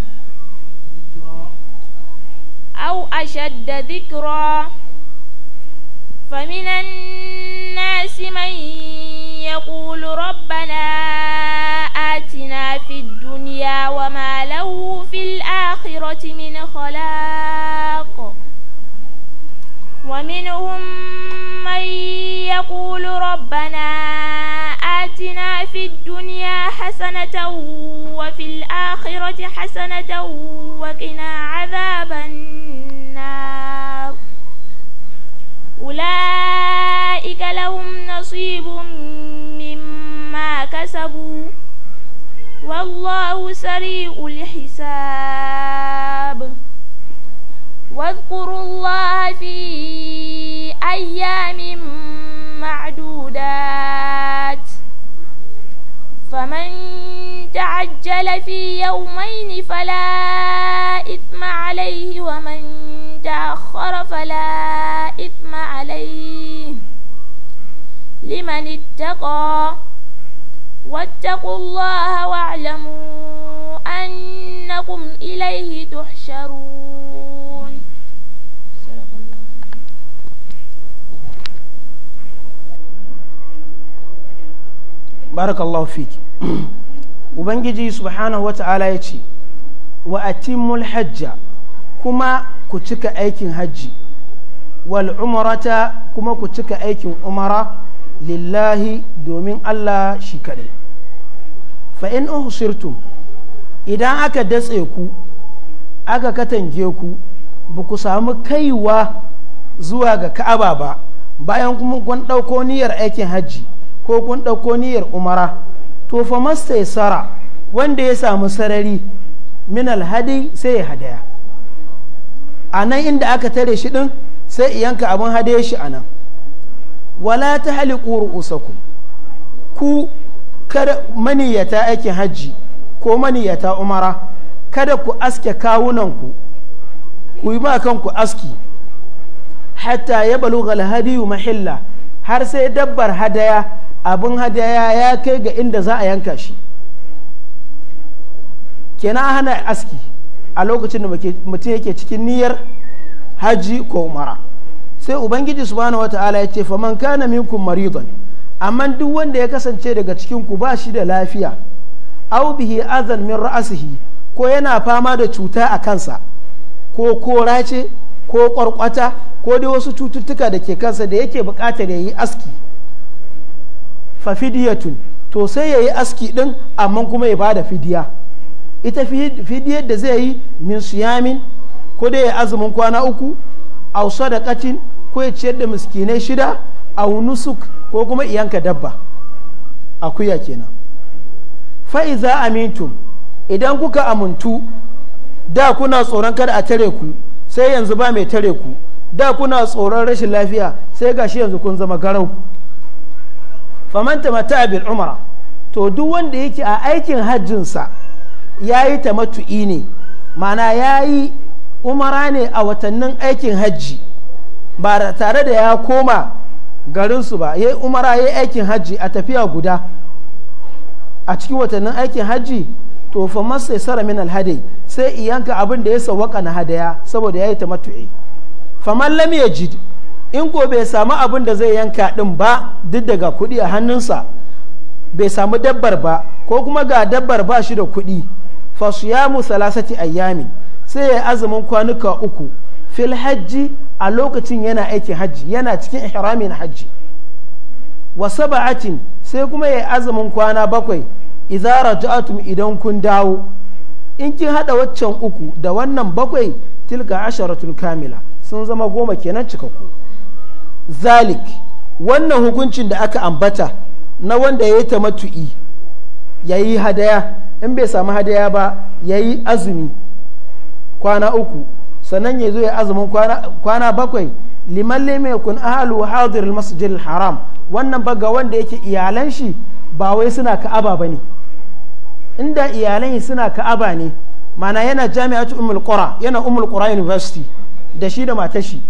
أو أشد ذكرا فمن الناس من يقول ربنا آتنا في الدنيا وما له في الآخرة من خلاق ومنهم من يقول ربنا آتنا في الدنيا حسنة وفي الآخرة حسنة وقنا عذاب النار أولئك لهم نصيب مما كسبوا والله سريع الحساب واذكروا الله في أيام معدودات فمن تعجل في يومين فلا إثم عليه ومن تأخر فلا من اتقى واتقوا الله واعلموا أنكم إليه تحشرون بارك الله فيك ubangiji subhanahu wata'ala ya ce wa atimul hajja kuma ku cika aikin hajji wal umrata kuma ku cika aikin umara lillahi domin Allah shi kaɗai fa'in uhsirtum idan aka datse ku aka katange ku ba ku samu kaiwa zuwa ga ka'aba ba bayan kuma kun ɗauko niyyar aikin hajji ko kun ɗauko niyyar umara to fa masta ya sara wanda ya samu sarari min alhadi sai ya hadaya a nan inda aka tare shi ɗin sai iyanka abin hadaya shi a nan wala ta haliku ru'usakum ku kada maniyata aikin hajji ko maniyata umara kada ku aske kawunanku ku yi ma kanku aski hatta ya balugal hadiyu mahilla har sai dabbar hadaya abin hadaya ya kai ga inda za a yanka shi kenan hana aski a lokacin da mutum yake cikin niyyar hajji ko umara sai ubangiji subhanahu wataala ya ce faman kana minkum maridan amma duk wanda ya kasance daga cikin ku ba shi da lafiya aw bihi azan min ra'sihi ko yana fama da cuta a kansa ko korace ko kwarkwata ko dai wasu cututtuka da ke kansa da yake bukatar ya yi aski fafidiyatun to sai ya yi aski din amma kuma ya bada fidiya ita fidiyar da zai yi min siyamin ko dai azumin kwana uku da sadaqatin ko ya ciyar da miskinai shida au nusuk ko kuma iyanka dabba akuya kenan fa iza amintum idan kuka amintu da kuna tsoron kada a tare ku sai yanzu ba mai tare ku da kuna tsoron rashin lafiya sai gashi yanzu kun zama garau faman tamatta bil umara to duk wanda yake a aikin hajjinsa ya yi matu’i ne mana ya yi umara ne a watannin aikin hajji ba tare da ya koma garinsu ba ya umara ya aikin hajji a tafiya guda a cikin watannin aikin hajji to famar masai sara min alhadai sai iyanka abin da ya sawaka na hadaya saboda ya yi ta matu'i faman lam jid in ko bai samu abin da zai yanka din ba duk daga kuɗi a hannunsa bai samu dabbar ba ko kuma ga dabbar ba shi da kuɗi fa mu salasati ayyamin sai ya azumin kwanuka uku fil hajji a lokacin yana aikin hajji yana cikin ihramin hajji wa saba'atin sai kuma ya azumin kwana bakwai idza raja'atum idan kun dawo in kin hada waccan uku da wannan bakwai tilka asharatul kamila sun zama goma kenan cikakku zalik wannan hukuncin da aka ambata na wanda ya yi tamattu'i ya yi hadaya in bai samu hadaya ba ya yi azumi kwana uku sannan ya zo ya azumin kwana bakwai liman lam kun ahlu hadir al haram wannan baga wanda yake iyalan shi ba wai suna ka'aba ne. inda iyalan shi suna ka'aba ne mana yana ta umul qura yana umul qura university da shi da matar shi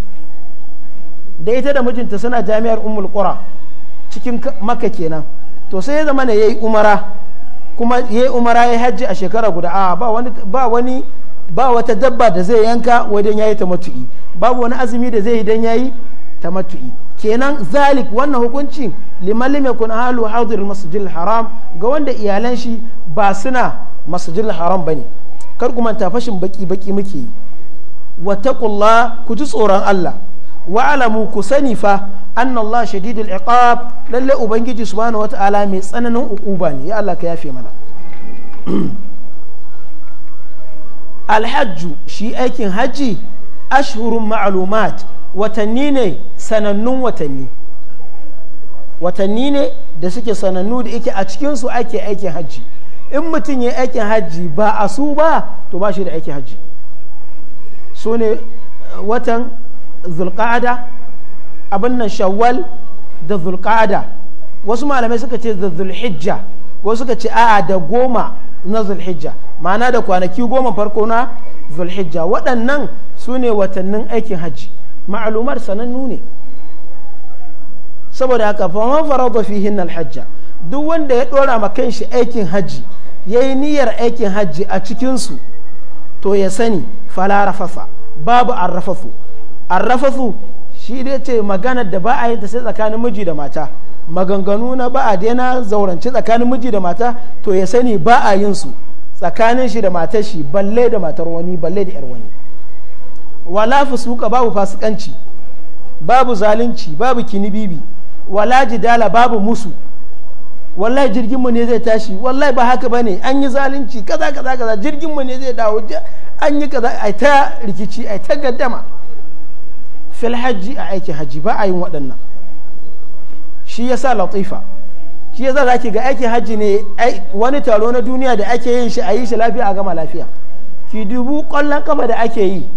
da ita da mijinta suna jami'ar umul qura cikin maka kenan to sai ya zama ne yayi umara kuma yayi umara yayi hajji a shekara guda a ba wani ba wani ba wata dabba da zai yanka wajen yayi matu'i babu wani azumi da zai yi dan yayi matu'i kenan zalik wannan hukuncin liman kuna kun halu hadir masjidil haram ga wanda iyalan shi ba suna masjidil haram bane kar ku manta fashin baki baki muke yi taqulla ku ji tsoron Allah wa alamu ku sani fa anna Allah shadidul iqab lalle ubangiji subhanahu wata'ala mai tsananin ukuba ne ya Allah ka yafe mana alhajju shi aikin hajji ashhurun ma'lumat watanni ne sanannun watanni watanni ne da suke sanannu da yake a cikinsu ake aikin hajji in mutum ya aikin hajji ba a su ba to ba shi da aikin hajji su ne eh, watan zulqada abin nan shawwal da zulqada wasu malamai suka ce da zulhijja wasu suka ce a'a da goma na zulhijja ma'ana da kwanaki goma farko na zulhijja waɗannan su ne watannin aikin hajji ma'alumar sanannu ne saboda haka faman farauta fihin hajja duk wanda ya ɗora ma kanshi aikin hajji ya yi niyyar aikin hajji a cikinsu to ya sani fala rafafa babu arrafafu arrafafu shi dai ce maganar da ba a yi ta sai tsakanin miji da mata maganganu na ba a daina zauranci tsakanin miji da mata to ya sani ba a yin su tsakanin shi da matar shi balle da matar wani balle da yar wani wala fusuka babu fasikanci babu zalunci babu kinibibi wala jidala babu musu wallahi jirgin mu ne zai tashi wallahi ba haka bane an yi zalunci kaza kaza kaza jirgin mu ne zai dawo an yi kaza ai ta rikici ai ta gaddama fil hajji a aikin hajji ba a yin waɗannan shi ya sa latifa shi ya sa za ki ga aikin hajji ne wani taro na duniya da ake yin shi a yi shi lafiya a gama lafiya ki dubu ƙwallon kafa da ake yi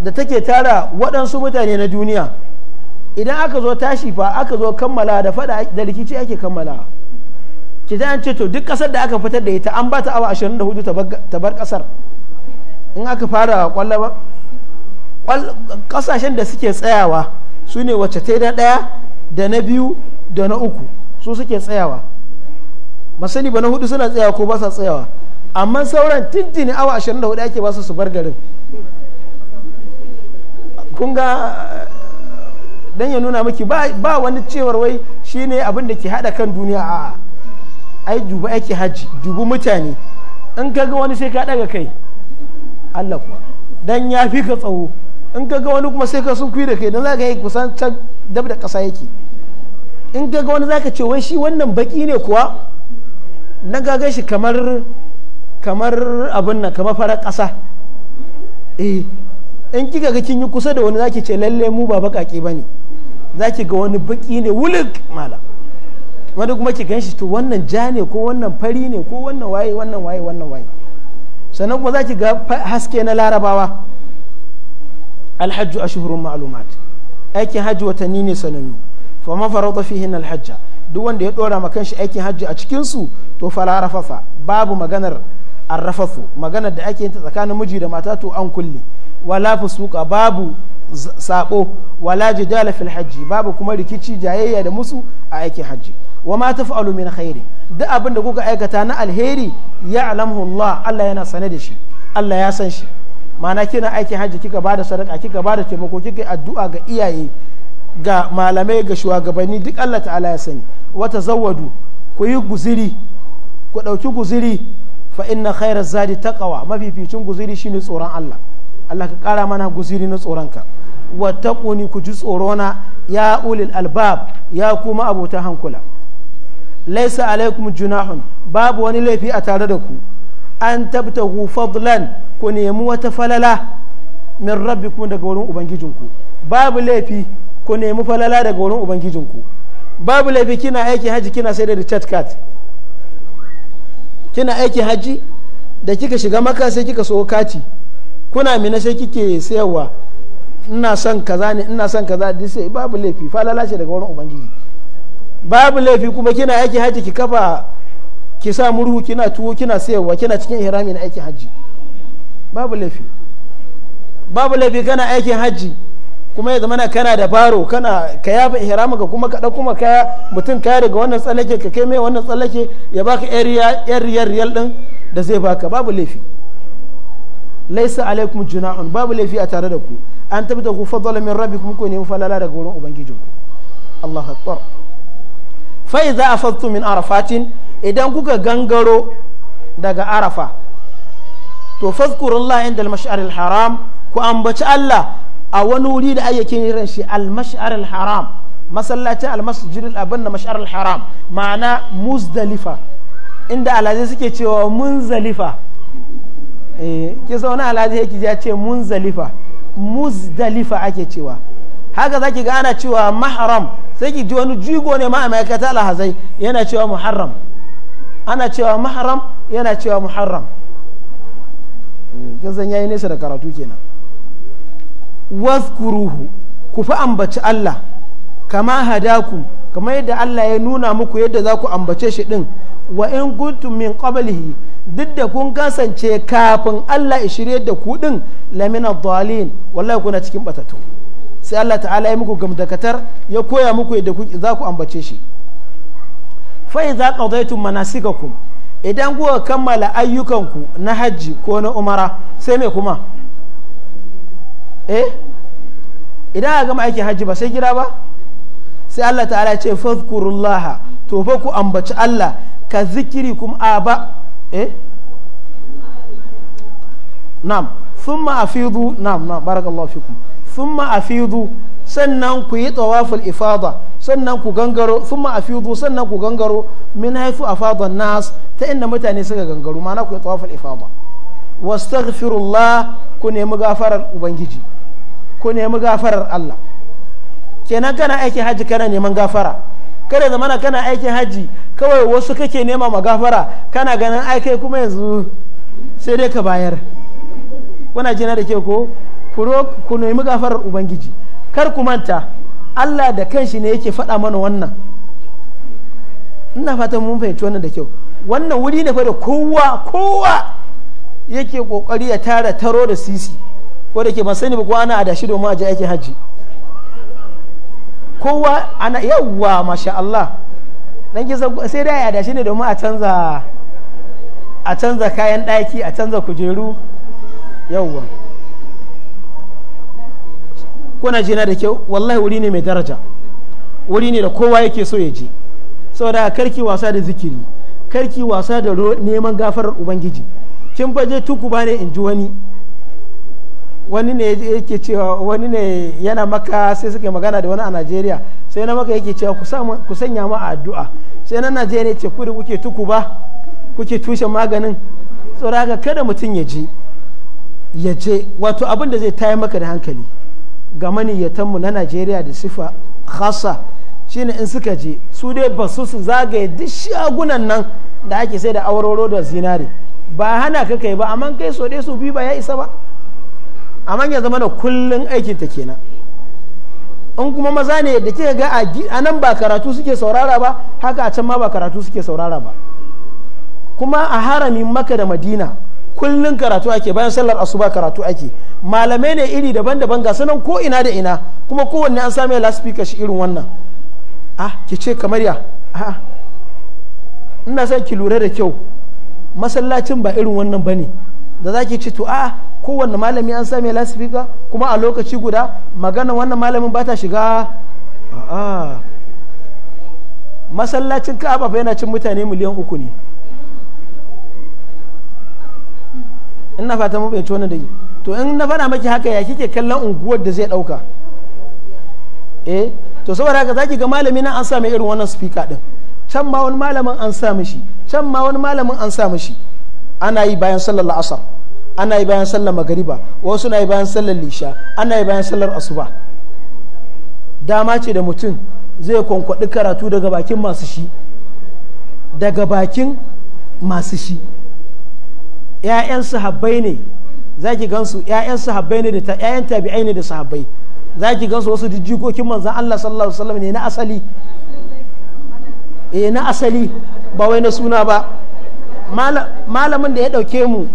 da take tara waɗansu mutane na duniya idan aka zo tashi fa aka zo kammala da fada da rikici ake kammala ki ta ce to duk ƙasar da aka fitar da ita an ba ta awa 24 ta bar ƙasar in aka fara ƙwallon. kasashen da suke tsayawa su ne wacce ta na ɗaya da na biyu da na uku su suke tsayawa masani ba na hudu suna tsayawa ko ba sa tsayawa amma sauran tintini awa 24 ake ba su su bar garin kun ga eh, ya nuna miki ba wani cewar wai shine abin da ke hada kan duniya a ai dubu ake hajji dubu mutane in ka ga wani sai ka daga kai Allah kuwa dan ya fi ka tsawo in ga wani kuma sai ka sun kuyi da kai don za ka yi kusan can dab da ƙasa yake in ga wani za ka ce wai shi wannan baki ne kuwa na gagan shi kamar kamar abin nan kamar farar ƙasa eh in kika ga kin yi kusa da wani zaki ce lalle mu ba baƙaƙe ba ne zaki ga wani baƙi ne wulik mala wani kuma ki ganshi to wannan ja ne ko wannan fari ne ko wannan waye wannan waye wannan waye sannan kuma zaki ga haske na larabawa alhajju ashhurun ma'alumat aikin hajji watanni ne sanannu fa man farada fihin alhajja duk wanda ya dora ma kanshi aikin hajji a cikin su to fala rafafa babu maganar arrafafu maganar da ake yin ta tsakanin miji da mata to an kulle wala fusuka babu sabo wala jidala fil hajji babu kuma rikici jayayya da musu a aikin hajji wa ma taf'alu min khairi duk abin da kuka aikata na alheri ya Allah Allah yana sane da shi Allah ya san shi mana kina aikin hajji kika ba da sadaka kika ba da taimako kika addu'a ga iyaye ga malamai ga shugabanni duk Allah ta'ala ya sani wata zawadu ku yi guziri ku ɗauki guziri fa inna khairar zadi ta mafi ficin guziri shine tsoron Allah Allah ka ƙara mana guziri na tsoronka wata ƙuni ku ji tsorona ya ulil albab ya kuma abota hankula laisa alaikum junahun babu wani laifi a tare da ku an tabtahu fadlan ku nemi wata falala min kuma daga wurin ubangijinku babu laifi ku nemi falala daga wurin ubangijinku babu laifi kina aiki haji kina sai da recharge card kina aiki haji da kika shiga maka sai kika so kati kuna mina sai kike sayarwa ina son kaza ne ina son kaza da sai babu laifi falala ce daga wurin ubangiji babu laifi kuma kina aiki haji ki kafa ki sa murhu kina tuwo kina sayarwa kina cikin ihrami na aikin hajji babu laifi babu laifi kana aikin hajji kuma ya zama kana da baro kana ka yafa ihrami ka kuma kaɗa kuma kaya mutum kaya daga wannan tsallake ka kai mai wannan tsallake ya baka yar yar riyal din da zai baka babu laifi laisa alaikum junahun babu laifi a tare da ku an tabbata ku fadala min rabbikum ku ne falala daga wurin ubangijinku Allah akbar fa idza afadtu min arafatin idan kuka gangaro daga arafa to fazkurullah inda al-mash'aril haram ku ambaci Allah a wani wuri da ayyakin kiran shi al-mash'aril haram masallacin al-masjidil abin da mash'aril haram ma'ana muzdalifa inda alhaji suke cewa munzalifa eh ki zauna alhaji yake ya ce munzalifa muzdalifa ake cewa haka zaki ga ana cewa mahram sai ki ji wani jigo ne ma a ma'aikata alhazai yana cewa muharram ana cewa maharam yana cewa muharram eh, kin san yayi nesa da karatu kenan wazkuruhu ku fa ambaci Allah kama hadaku kamar yadda Allah ya nuna muku yadda za ku ambace shi din wa in kuntum min qablihi duk da kun kasance kafin Allah ya shirye da ku din lamina dhalin wallahi kuna cikin batatu sai Allah ta'ala ya muku gamdakatar ya koya muku yadda za ku ambace shi tun mana sika manasikakum idan kuka kammala ayyukanku na hajji ko na umara sai mai kuma eh idan aka gama aikin hajji ba sai gida ba sai Allah ta'ala ce fadhkurullaha to fa ku ambaci Allah ka zikiri kuma aba eh nam thumma afidu nam nam barakallahu fikum thumma afidu sannan ku yi tawaful ifada sannan ku gangaro thumma afidu sannan ku gangaro min haifu fadon nas ta inda mutane suka gangaro mana ku Wasu ta wastaghfirullah ku nemi gafarar ubangiji ku nemi gafarar Allah kenan kana aikin haji kana neman gafara kada zamana kana aikin haji kawai wasu kake nema ma gafara kana ganin aikai kuma yanzu sai dai ka bayar kuna jina da ke ko ku nemi gafarar ubangiji kar ku manta Allah da kanshi ne yake faɗa mana wannan ina fatan mun fahimci wannan da kyau wannan wuri ne fa da kowa kowa yake kokari ya tara taro da sisi ko da ke ban sani ba ko ana adashi domin a je aikin hajji kowa ana yawwa masha Allah dan kisa sai dai adashi ne domin a canza a canza kayan daki a canza kujeru yawwa kuna ji na da kyau wallahi wuri ne mai daraja wuri ne da kowa yake so ya je saboda karki wasa da zikiri karki wasa da neman gafarar ubangiji kin baje tuku ba ne in ji wani wani ne yake cewa wani ne yana maka sai suka magana da wani a najeriya sai na maka yake cewa ku sanya ma addu'a sai na najeriya ce ku da kuke tuku ba kuke tushen maganin tsoraga kada mutum ya je wato abin da zai tayi maka da hankali ga maniyyatanmu na najeriya da sifa khasa shine in suka je su dai ba su su zagaye duk shagunan nan da ake sai da auroro da zinare ba hana ka kai ba amma kai so dai su bi ba ya isa ba amma ya zama da kullun aikin ta kenan in kuma maza ne da kika ga a nan ba karatu suke saurara ba haka a can ma ba karatu suke saurara ba kuma a haramin maka da madina kullun karatu ake bayan sallar asuba karatu ake malamai ne iri daban-daban ga sanan ko ina da ina kuma kowanne an same laspika shi irin wannan ah ki ce kamar ya ah, ah ina son ki lura da kyau masallacin ba irin wannan bane da za ki ci to a ah, kowanne malami an same laspika kuma a lokaci guda magana wannan malamin ba ta shiga a'a ah, masallacin ka'aba fa yana cin mutane miliyan uku ne ina fata mu cewa da yi to in na faɗa maki haka ya kike kallon unguwar da zai ɗauka eh to saboda haka zaki ga malami nan an sami irin wannan speaker din can ma wani malamin an sa mishi can ma wani malamin an sa mishi ana yi bayan sallar la'asar ana yi bayan sallar magariba wasu na yi bayan sallar lisha ana yi bayan sallar asuba dama ce da mutum zai kwankwaɗi karatu daga bakin masu shi daga bakin masu shi 'ya'yan sahabbai ne za ki gansu 'ya'yan sahabbai ne da 'ya'yan tabi'ai ne da sahabbai za ki gansu wasu jikokin manzan Allah sallallahu alaihi wasallam ne na asali eh na asali ba wai na suna ba malamin da ya dauke mu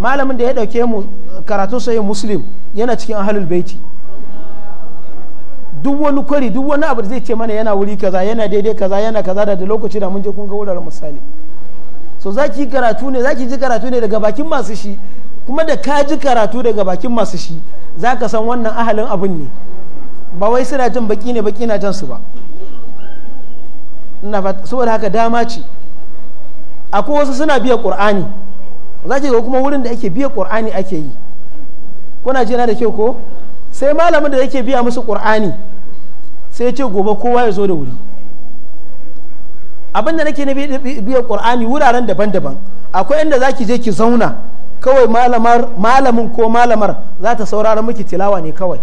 malamin da ya dauke mu karatu sai muslim yana cikin ahlul baiti duk wani kwari duk wani abu da zai ce mana yana wuri kaza yana daidai kaza yana kaza da lokaci da mun je kun ga wuraren misali so za ki karatu ne za ki ji karatu ne daga bakin masu shi kuma da ka ji karatu daga bakin masu shi za ka san wannan ahalin abin ne ba wai suna jin baki ne baki na jansu ba saboda haka dama ce akwai wasu suna biya ƙur'ani za ki ga kuma wurin da ake biya ƙur'ani ake yi kuna jina da kyau ko sai malamin da yake biya musu ƙur'ani sai ce gobe kowa ya zo da wuri abinda nake na biya qur'ani wuraren daban-daban akwai inda zaki je ki zauna kawai malamin ko malamar za ta saurara miki tilawa ne kawai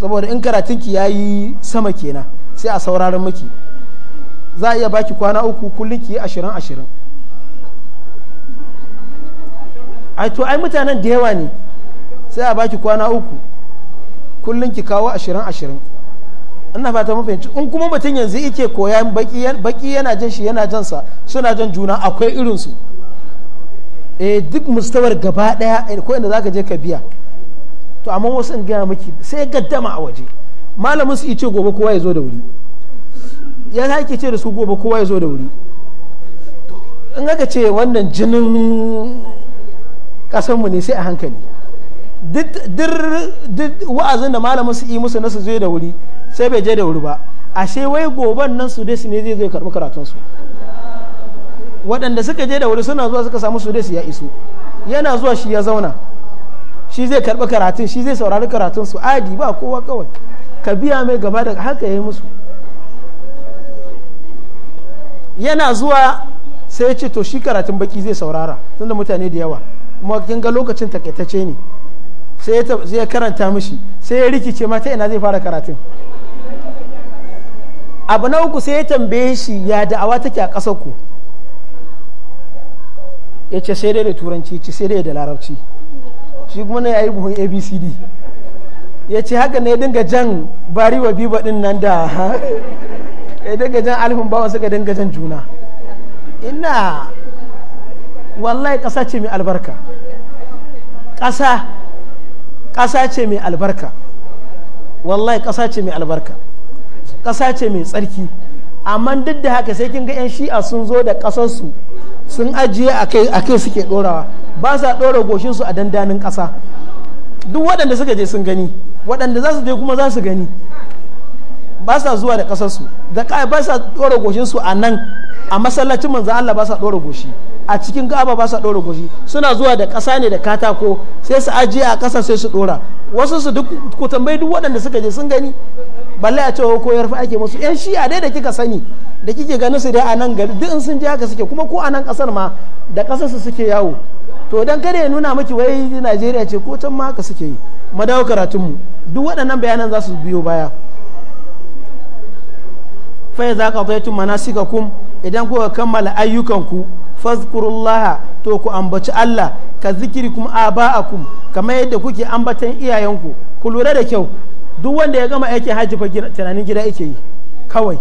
saboda in karatunki ya yi sama kenan sai a sauraron miki za a iya baki kwana uku kullum ki yi ashirin ashirin ai to ai mutanen da yawa ne sai a baki kwana uku kullum ki kawo ashirin ashirin ina fata mun fahimci in kuma mutum yanzu yake koya baki yana jin shi yana jan sa suna jan juna akwai irin su eh duk mustawar gaba daya eh, ko inda zaka je ka biya to amma wasu in gaya miki sai gaddama a waje malamin su ce gobe kowa ya zo da wuri ya sake ce da su gobe kowa ya zo da wuri in aka ce wannan jinin kasanmu ne sai a hankali duk wa'azin da malamin su yi musu na su zai da wuri sai bai je da wuri ba ashe wai goban nan su desi ne zai zai karɓi karatunsu waɗanda suka je da wuri suna zuwa suka samu su desi ya isu yana zuwa shi ya zauna shi zai karɓi karatun shi zai saurari karatun su adi ba kowa kawai ka biya mai gaba da haka ya yi musu yana zuwa sai ya ce to shi karatun baki zai saurara tunda mutane da yawa kuma kin ga lokacin takaitacce ne sai ya karanta mishi sai ya rikice mata ina zai fara karatun abu na uku sai ya tambaye shi ya da'awa take a ƙasar ku ya ce sai dai da turanci ci sai dai da larabci shi kuma na yayi buhun abcd ya ce haka ne ya dinga jan bari wa biba din nan da ya dinga jan alifin bawan suka dinga jan juna ina wallahi ƙasa ce mai albarka ƙasa ƙasa ce mai albarka wallahi ƙasa ce mai albarka ƙasa ce mai tsarki amma duk da haka sai kin ga 'yan shi'a sun zo da ƙasarsu sun ajiye a kai suke ɗorawa ba sa ɗora goshinsu a dandanin ƙasa duk waɗanda suka je sun gani waɗanda za su je kuma za su gani ba sa zuwa da kasarsu da kai ba sa ɗora goshin a nan a masallacin manzan Allah ba sa ɗora goshi a cikin gaba ba sa ɗora goshi suna zuwa da ƙasa ne da katako sai su ajiye a ƙasa sai su ɗora wasu su duk ku tambayi duk waɗanda suka je sun gani balle a cewa ko yarfa ake musu yan shi'a dai da kika sani da kike ganin su dai a nan gari duk in sun je haka suke kuma ko a nan kasar ma da kasar su suke yawo to dan kada ya nuna miki wai Najeriya ce ko can ma haka suke yi madawo karatun mu duk waɗannan bayanan za su biyo baya fa idza suka kum idan kuka kammala ayyukanku fazkurullah to ku ambaci Allah ka zikiri zikirikum aba'akum kamar yadda kuke ambatan iyayenku ku lura da kyau duk wanda ya gama aikin haji fa tunanin gida yake yi kawai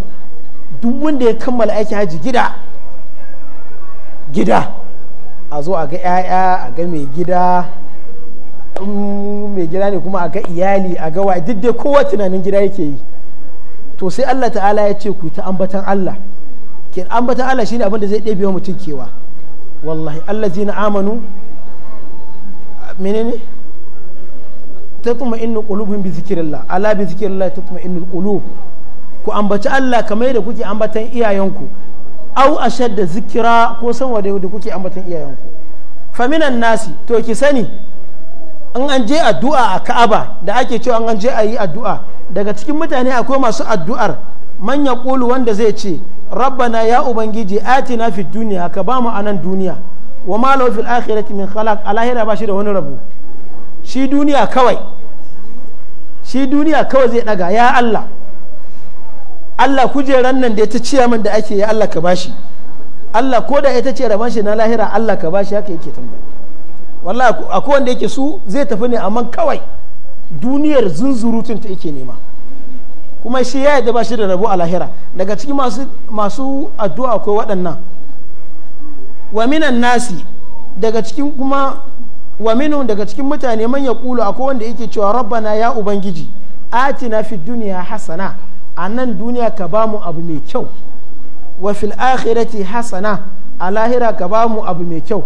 duk wanda ya kammala aikin haji gida gida a zo a ga 'ya'ya a ga mai gida mai gida ne kuma a ga iyali a ga wa duk dai kowa tunanin gida yake yi to sai Allah ta'ala ya ce ku ta ambatan Allah ke ambatan Allah shine abin da zai ɗebe wa mutum kewa wallahi zina amanu menene tuma inu ƙulubin bi zikrillah ala bi ta tuma inu ƙulub ku ambaci Allah kamar da kuke ambatan iyayenku au shadda zikira ko sanwa da kuke ambatan iyayenku faminan nasi to ki sani in an je addu'a a ka'aba da ake cewa an je a yi addu'a daga cikin mutane akwai masu addu'ar manya ƙulu wanda zai ce rabbana ya ubangiji na fi duniya ka ba mu anan duniya wa ma lahu fil akhirati min khalaq alahira ba shi da wani rabu shi duniya kawai shi duniya kawai zai daga ya Allah Allah kujeran nan da ita ciya min da ake ya Allah ka bashi Allah ko da ita ce rabon shi na lahira Allah ka bashi haka yake tambaya wallahi akwai wanda yake su zai tafi ne amma kawai duniyar zunzurutun ta yake nema kuma shi ya yadda ba shi da rabu a lahira daga cikin masu addu'a akwai waɗannan wa minan nasi daga cikin kuma wa daga cikin mutane man ya kulu akwai wanda yake cewa rabbana ya ubangiji atina fi duniya hasana a nan duniya ka ba mu abu mai kyau wa fil akhirati hasana a lahira ka ba mu abu mai kyau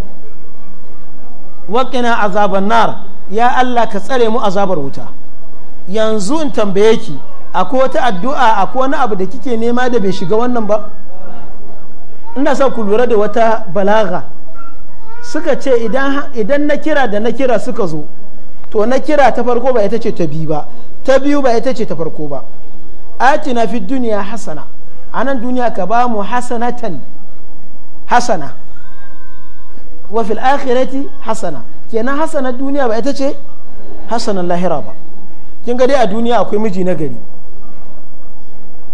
waƙina azabar nar ya Allah ka tsare mu azabar wuta yanzu in tambaye ki akwai wata addu'a akwai wani abu da kike nema da bai shiga wannan ba ina sa ku lura da wata balaga suka ce idan na kira da na kira suka zo to na kira ta farko ba ita ce ta biyu ba ta biyu ba ita ce ta farko ba na fi duniya hasana anan duniya ka ba mu hasanatan hasana wa fil akhirati hasana kenan hasana duniya ba ita ce hasanar lahira ba kin ga dai a duniya akwai miji na gari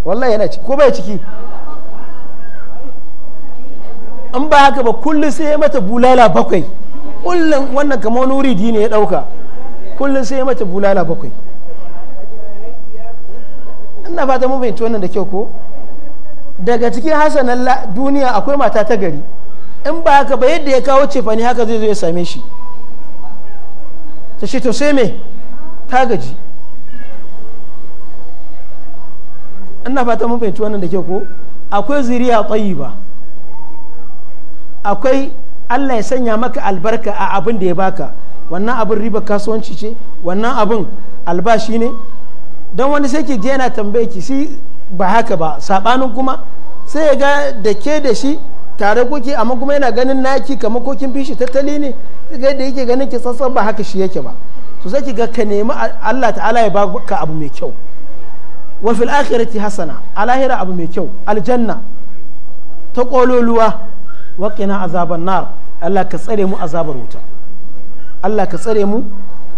wallahi yana ciki ko bai ciki an ba haka ba kullum sai mata bulala bakwai kullum wannan kamar wani wuri ya dauka kullum sai mata bulala bakwai ina fata mun fahimci wannan da kyau ko daga cikin hasanan duniya akwai mata ta gari in ba haka ba yadda ya kawo cefani haka zai zo ya same shi ta shi to sai me ta gaji ina fata mun fahimci wannan da ke ko akwai zuriya ba akwai allah ya sanya maka albarka a abin da ya baka wannan abin riba kasuwanci ce wannan abin albashi ne don wani sai ki je yana tambaye ki si ba haka ba saɓanin kuma sai ya ga da ke da shi tare kuke amma kuma yana ganin naki kamar ko kin bishi tattali ne ga yadda yake ganin ki sassan ba haka shi yake ba to sai ki ga ka nemi Allah ta'ala ya baka abu mai kyau wa fil akhirati hasana alahira abu mai kyau aljanna ta kololuwa wa qina azaban nar Allah ka tsare mu azabar wuta Allah ka tsare mu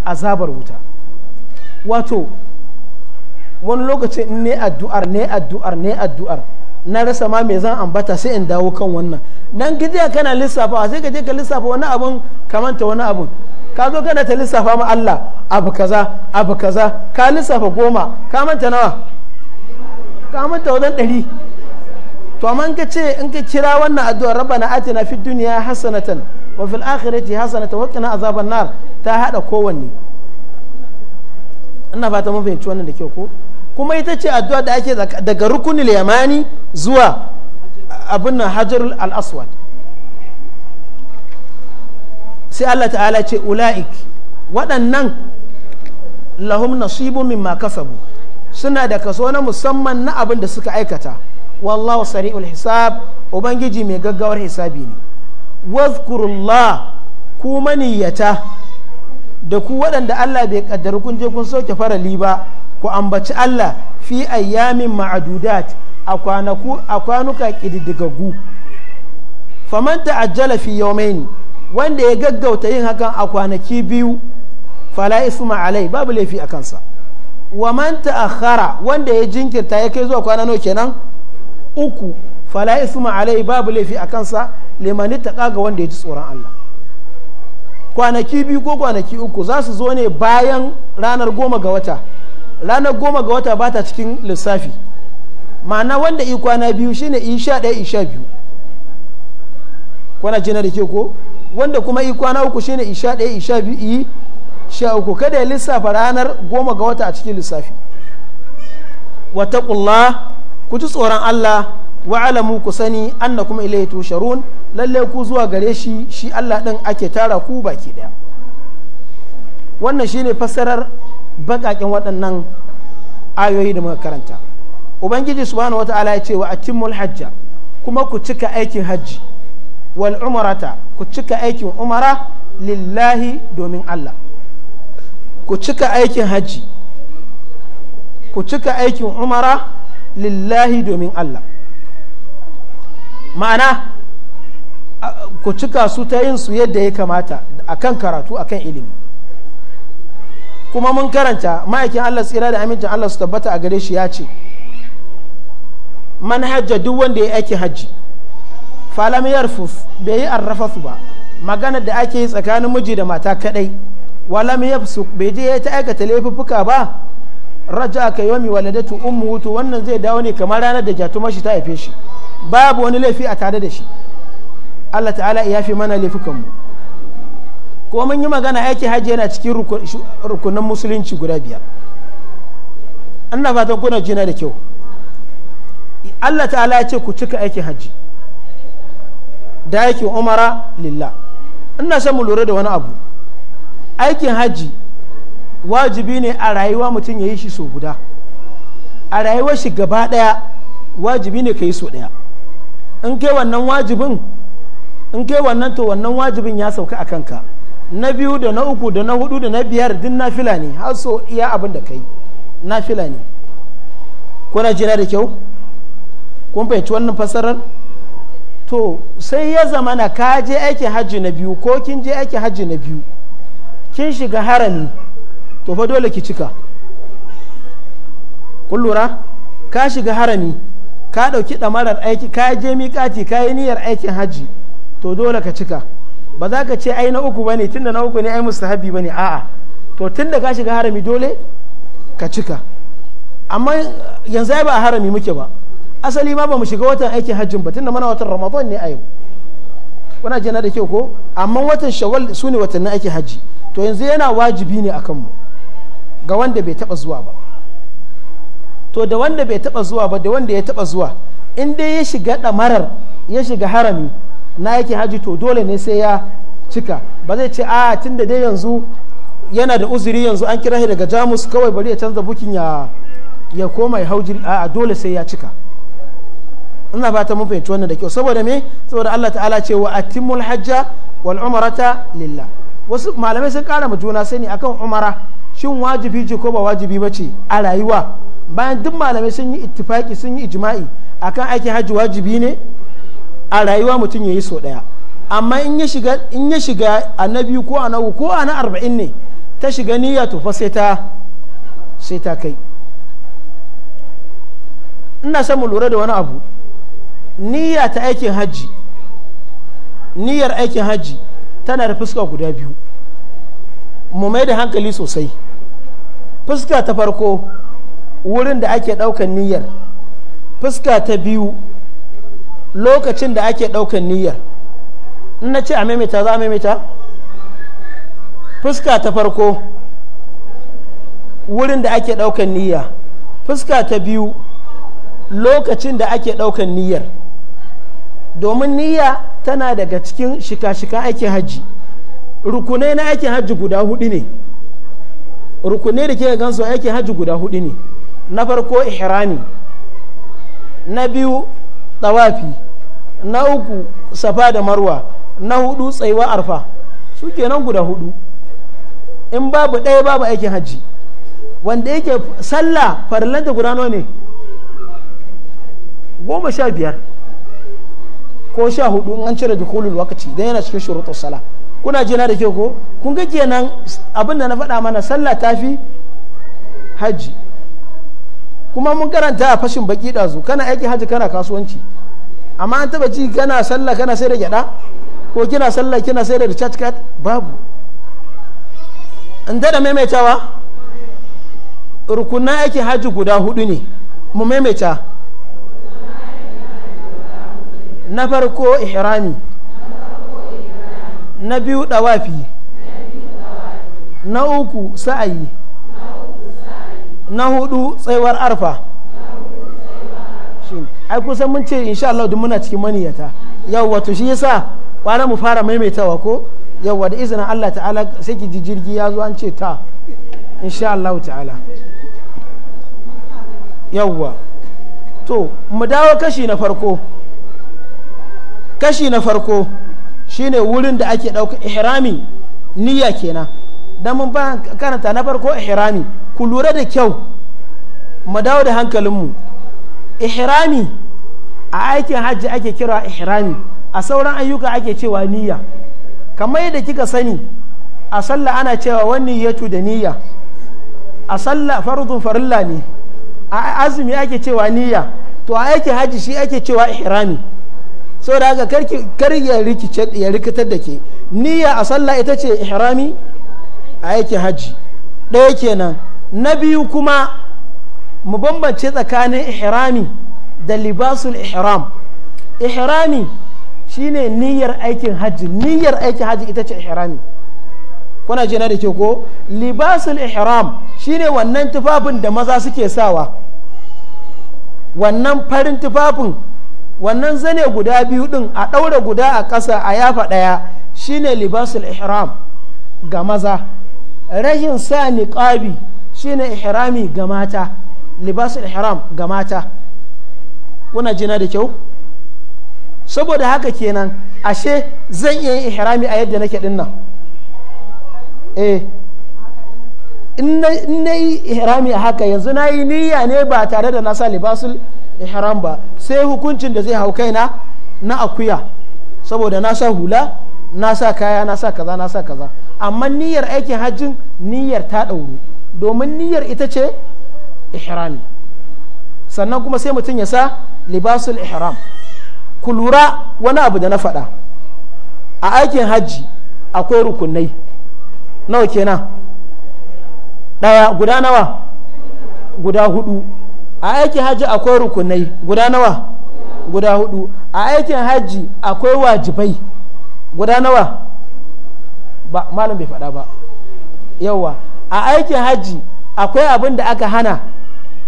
azabar wuta wato wani lokacin ne addu'ar ne addu'ar ne addu'ar na rasa ma me zan ambata sai in dawo kan wannan nan gidiya kana lissafawa sai ka je ka lissafa wani abun kamanta wani abun ka zo kana ta lissafa ma Allah abu kaza abu kaza ka lissafa goma ka manta nawa ka manta wajen ɗari to amma in ka ce in ka kira wannan addu'a rabbana atina fid dunya hasanatan wa fil akhirati hasanatan wa qina azaban nar ta hada kowanne ina fata mun fahimci wannan da kyau ko kuma ita ce addu'a da ake daga rukunin yamani zuwa abin nan hajarul al-aswad sai Allah ta'ala ce ula'ik waɗannan lahum nasibu mimma kasabu suna da kaso na musamman na abin da suka aikata wallahu sari'ul hisab ubangiji mai gaggawar hisabi ne wazkurullah ku maniyyata da ku waɗanda Allah bai kaddara kun je kun soke farali ba ku ambaci Allah fi ayyamin ma'adudat a kwanuka ƙididdigaggu faman ta'ajjala fi yawmaini wanda ya gaggauta yin hakan a kwanaki biyu fala isma alai babu laifi a kansa wa man ta'akhara wanda ya jinkirta ya kai zuwa kwana nawa kenan uku fala isma alai babu laifi a kansa limani ta ga wanda ya ji tsoron Allah kwanaki biyu ko kwanaki uku za su zo ne bayan ranar goma ga wata ranar goma ga wata bata cikin lissafi ma'ana wanda yi kwana biyu shine yi sha ɗaya yi sha biyu kwana jina da ke ko wanda kuma yi kwana uku shine yi sha ɗaya yi sha biyu yi sha uku kada ya lissafa ranar goma ga wata a cikin lissafi wata ƙulla ku ji tsoron allah wa alamu ku sani anna kuma ilaihi tusharun lallai ku zuwa gare shi shi allah ɗin ake tara ku baki ɗaya wannan shine fassarar bakakin waɗannan ayoyi da muka karanta ubangiji subhanahu wata'ala ya ce wa atimul hajja kuma ku cika aikin hajji wal umarata ku cika aikin umara lillahi domin Allah ku cika aikin hajji ku cika aikin umara lillahi domin Allah ma'ana ku cika su ta yin su yadda ya kamata akan karatu akan ilimi kuma mun karanta ma'aikin Allah tsira da amincin Allah su tabbata a gare shi ya ce man hajja duk wanda ya aiki hajji falam yarfuf bai yi arrafaf ba Maganar da ake yi tsakanin miji da mata kadai walam su bai je ya ta aikata laifuffuka ba raja ka yomi waladatu ummu wutu wannan zai dawo ne kamar ranar da jatuma shi ta haife shi babu wani laifi a tare da shi Allah ta'ala ya fi mana laifukanmu mu ko mun yi magana aiki hajji yana cikin rukunin musulunci guda biyar ina fatan kuna jina da kyau Allah ta'ala ya ce ku cika aikin hajji da aikin umara lillah ina son mu lura da wani abu aikin hajji wajibi ne a rayuwa mutum ya yi shi so guda a rayuwar shi gaba daya wajibi ne ka yi so daya in kai wannan wajibin in kai wannan to wannan wajibin ya sauka a kanka na biyu da na uku da na hudu da na biyar din fila ne har so iya abin da kai fila ne kuna jira da kyau kun fahimci wannan fasarar to sai ya zama na ka je aikin hajji na biyu ko kin je aikin hajji na biyu kin shiga harami to fa dole ki cika kun lura ka shiga harami ka ɗauki ɗamarar aiki ka je miƙati ka yi niyyar aikin hajji to dole ka cika ba za ka ce ai na uku bane tunda na uku ne ai mustahabi bane a'a to tunda ka shiga harami dole ka cika amma yanzu ai ba harami muke ba asali ma ba mu shiga watan aikin hajjin ba tunda mana watan ramadan ne a yau kuna na da kyau ko amma watan shawal su ne watannin aikin hajji to yanzu yana wajibi ne akan mu ga wanda bai taba zuwa ba to da wanda bai taba zuwa ba da wanda ya taba zuwa in dai ya shiga damarar ya shiga harami na yake haji to dole ne sai ya cika ba zai ce a ah, tun da dai yanzu yana da uzuri yanzu an kira shi daga jamus kawai bari ya canza bukin ya ya koma ya hauji a dole sai ya cika ina fata mun fahimci wannan da kyau saboda me saboda Allah ta'ala ce wa atimul hajja wal umrata lillah wasu malamai sun kara ma juna sani akan umara shin wajibi ce ko ba wajibi ba ce a rayuwa bayan duk malamai sun yi itifaki sun yi ijma'i akan aikin hajji wajibi ne a rayuwa mutum ya yi so ɗaya amma in ya shiga in ya shiga a na biyu ko a na ko a na arba'in ne ta shiga niyya to fa sai ta kai ina son mu lura da wani abu niyya ta aikin hajji niyyar aikin hajji tana da fuska guda biyu mu mai da hankali sosai fuska ta farko wurin da ake ɗaukar niyyar fuska ta biyu lokacin da ake ɗaukan niyyar in na ce a maimaita za a maimaita fuska ta farko wurin da ake ɗaukan niyya fuska ta biyu lokacin da ake ɗaukan niyyar domin niyya tana daga cikin shika-shika aikin hajji rukunai na aikin hajji guda hudu ne rukunai da ke gansu aikin hajji guda hudu ne na farko ihrami na biyu tawafi na uku safa da marwa na hudu tsayuwa arfa su kenan guda hudu in babu ɗaya babu aikin hajji wanda yake sallah farillan da gudano ne goma sha biyar ko sha hudu an cire da dukulul wakaci don yana cikin shuruɗin sala kuna jina da ke ko kun ga kenan abinda na faɗa mana sallah tafi hajji kuma mun karanta a fashin baki ɗazu kana aiki hajji kana kasuwanci amma an taba ji kana sallah kana sai da gyada ko kina sallah kina sai da church card babu inda da maimaitawa rukunan aiki hajji guda hudu ne mu maimaita na farko ihrami na biyu dawafi na uku sa'ayi na hudu tsayuwar arfa ai kusan mun ce insha Allah duk muna cikin maniyata yau wato shi yasa kwana mu fara maimaitawa ko yau da izinin Allah ta'ala sai ki ji jirgi ya zo an ce ta insha Allah ta'ala yawwa to mu dawo kashi na farko kashi na farko shine wurin da ake ɗauka ihrami niyya kenan dan mun ba karanta na farko ihrami ku lura da kyau mu dawo da hankalinmu ihrami a aikin hajji ake kira ihrami a sauran ayyuka ake cewa niyya kamar yadda kika sani a sallah ana cewa wani yatu da niyya a sallah farudun farilla ne a azumi ake cewa niyya to a aikin hajji shi ake cewa ihrami da haka kar ya rikitar da ke niyya a sallah ita ce ihrami a aikin hajji ɗaya kenan na biyu kuma mu bambance tsakanin ihrami da libasul ihram ihrami shine niyyar aikin hajji niyyar aikin hajji ita ce ihrami kuna jina da ke ko libasul ihram shine wannan tufafin da maza suke sawa wannan farin tufafin wannan zane guda biyu din a ɗaura guda a ƙasa a yafa ɗaya shine libasul ihram ga maza rahin sa niƙabi shine ihrami ga mata libasul ihram ga mata kuna jina da kyau saboda haka kenan ashe zan iya yin ihrami a yadda nake dinnan eh in na yi ihrami a haka yanzu na yi niyya ne ba tare da nasa libasul ihram ba sai hukuncin da zai hau kaina na akuya saboda na sa hula na sa kaya na sa kaza na sa kaza amma niyyar aikin hajjin niyyar ta ɗauru domin niyyar ita ce ihram sannan kuma sai mutum ya sa libasul ihram ku lura wani abu da na faɗa a aikin hajji akwai rukunai nawa kenan ɗaya guda nawa guda hudu a aikin hajji akwai rukunai guda nawa guda hudu a aikin hajji akwai wajibai guda nawa ba malam bai faɗa ba yawwa a aikin hajji akwai abin da aka hana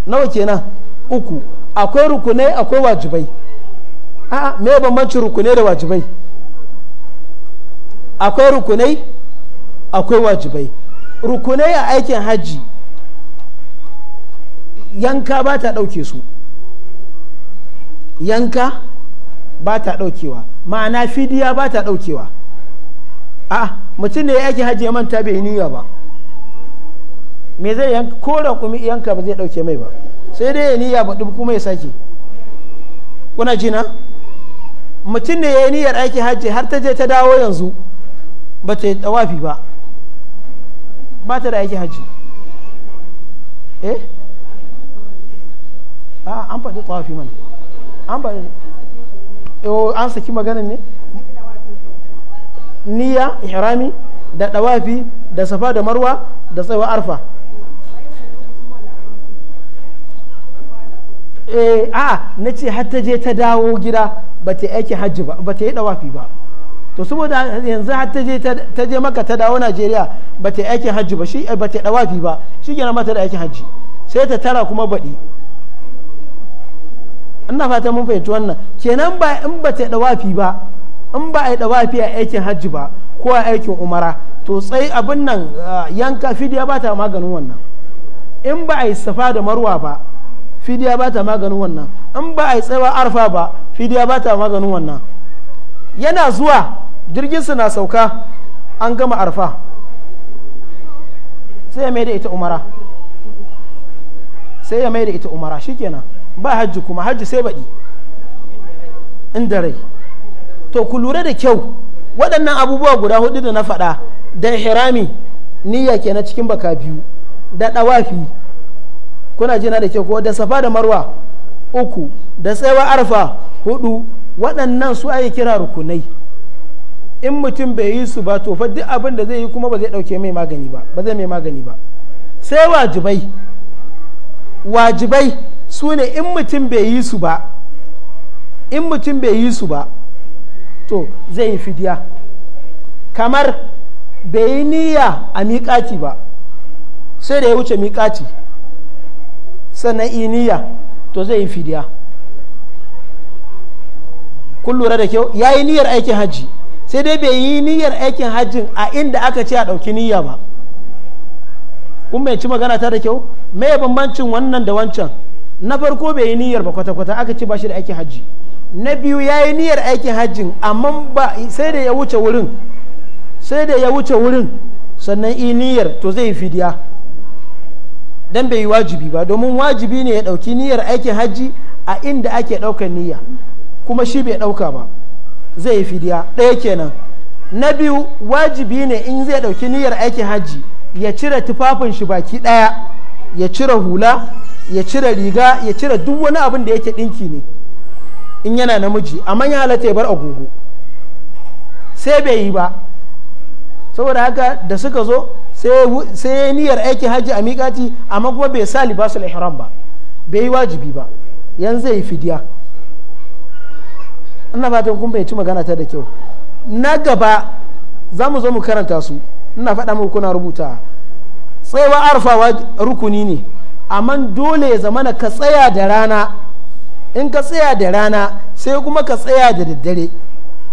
nawa kenan uku akwai rukunai akwai wajibai a'a me bambancin rukunai da wajibai akwai rukunai akwai wajibai rukunai a aikin hajji yanka ba ta ɗauke su yanka ba ta ɗaukewa ma'ana fidiya ba ta ɗaukewa a mutum ne ya aikin hajji ya manta bai niyya ba me zai yanka ko raƙumi yanka ba zai ɗauke mai ba sai dai ya niyya ba kuma ya sake kuna jina mutum ne ya yi niyyar aiki hajji har ta je ta dawo yanzu ba ta yi tawafi ba ba ta da aiki hajji eh a ah, an faɗi tawafi mana an faɗi an saki maganin ne niyya ihrami da tawafi da safa da marwa da tsawa arfa eh a na ce har ta je ta dawo gida ba ta aiki hajji ba ba ta yi dawafi ba to saboda yanzu har ta je ta je maka ta dawo Najeriya ba ta aiki hajji ba shi eh, ba ta dawafi ba shi gina mata da aiki hajji sai ta tara kuma baɗi ina fata mun fahimci wannan kenan ba in ba ta dawafi ba in ba a yi dawafi a aikin hajji ba ko a aikin umara to sai abin nan ah, yanka fidiya ba ta maganin wannan in ba a yi safa da marwa ba fidiya ba ta maganin wannan in ba a yi tsawa arfa ba fidiya ba ta maganin wannan yana zuwa jirginsu na sauka an gama arfa sai ya mai da ita umara sai ya mai da ita umara shikenan ba hajji kuma hajji sai baɗi inda rai to ku lura da kyau waɗannan abubuwa guda hudu da na faɗa da hirami niyya ke na cikin baka biyu da ɗawafi kuna jina da ke ko da safa da marwa uku da tsayawa arfa hudu waɗannan su ake kira rukunai in mutum bai yi su ba to fa duk abin da zai yi kuma ba zai ɗauke mai magani ba ba zai mai magani ba sai wajibai wajibai su ne in mutum bai yi su ba in mutum bai yi su ba to zai yi fidiya kamar bai yi niyya a miƙaci ba sai da ya wuce miƙaci sannan iniya to zai yi fidiya kun lura da kyau ya yi niyyar aikin hajji sai dai bai yi niyyar aikin hajjin a inda aka ce a ɗauki niyya ba kun bai ci magana ta da kyau me bambancin wannan da wancan na farko bai yi niyyar ba kwata-kwata aka ce ba shi da aikin hajji na biyu ya yi niyyar aikin hajjin amma ba sai da ya wuce wurin sai da ya wuce wurin sannan iniyar niyyar to zai yi fidiya dan bai yi wajibi ba domin wajibi ne ya ɗauki niyyar aikin hajji a inda ake ɗaukar niyya kuma shi bai ɗauka ba zai yi fidiya ɗaya kenan na biyu wajibi ne in zai ɗauki niyyar aikin hajji ya cire tufafin shi baki ɗaya ya cire hula ya cire riga ya cire duk wani abin da yake ɗinki ne in yana namiji amma ya halatta ya bar agogo sai bai yi ba saboda haka da suka zo sai niyyar aikin hajji a miƙati amma kuma bai sa libasul ihram ba bai yi wajibi ba yanzu zai yi fidiya ina fatan kun bai ci magana ta da kyau na gaba za mu zo mu karanta su ina faɗa muku kuna rubuta tsayawa arfawa rukuni ne amma dole ya zamana ka tsaya da rana in ka tsaya da rana sai kuma ka tsaya da daddare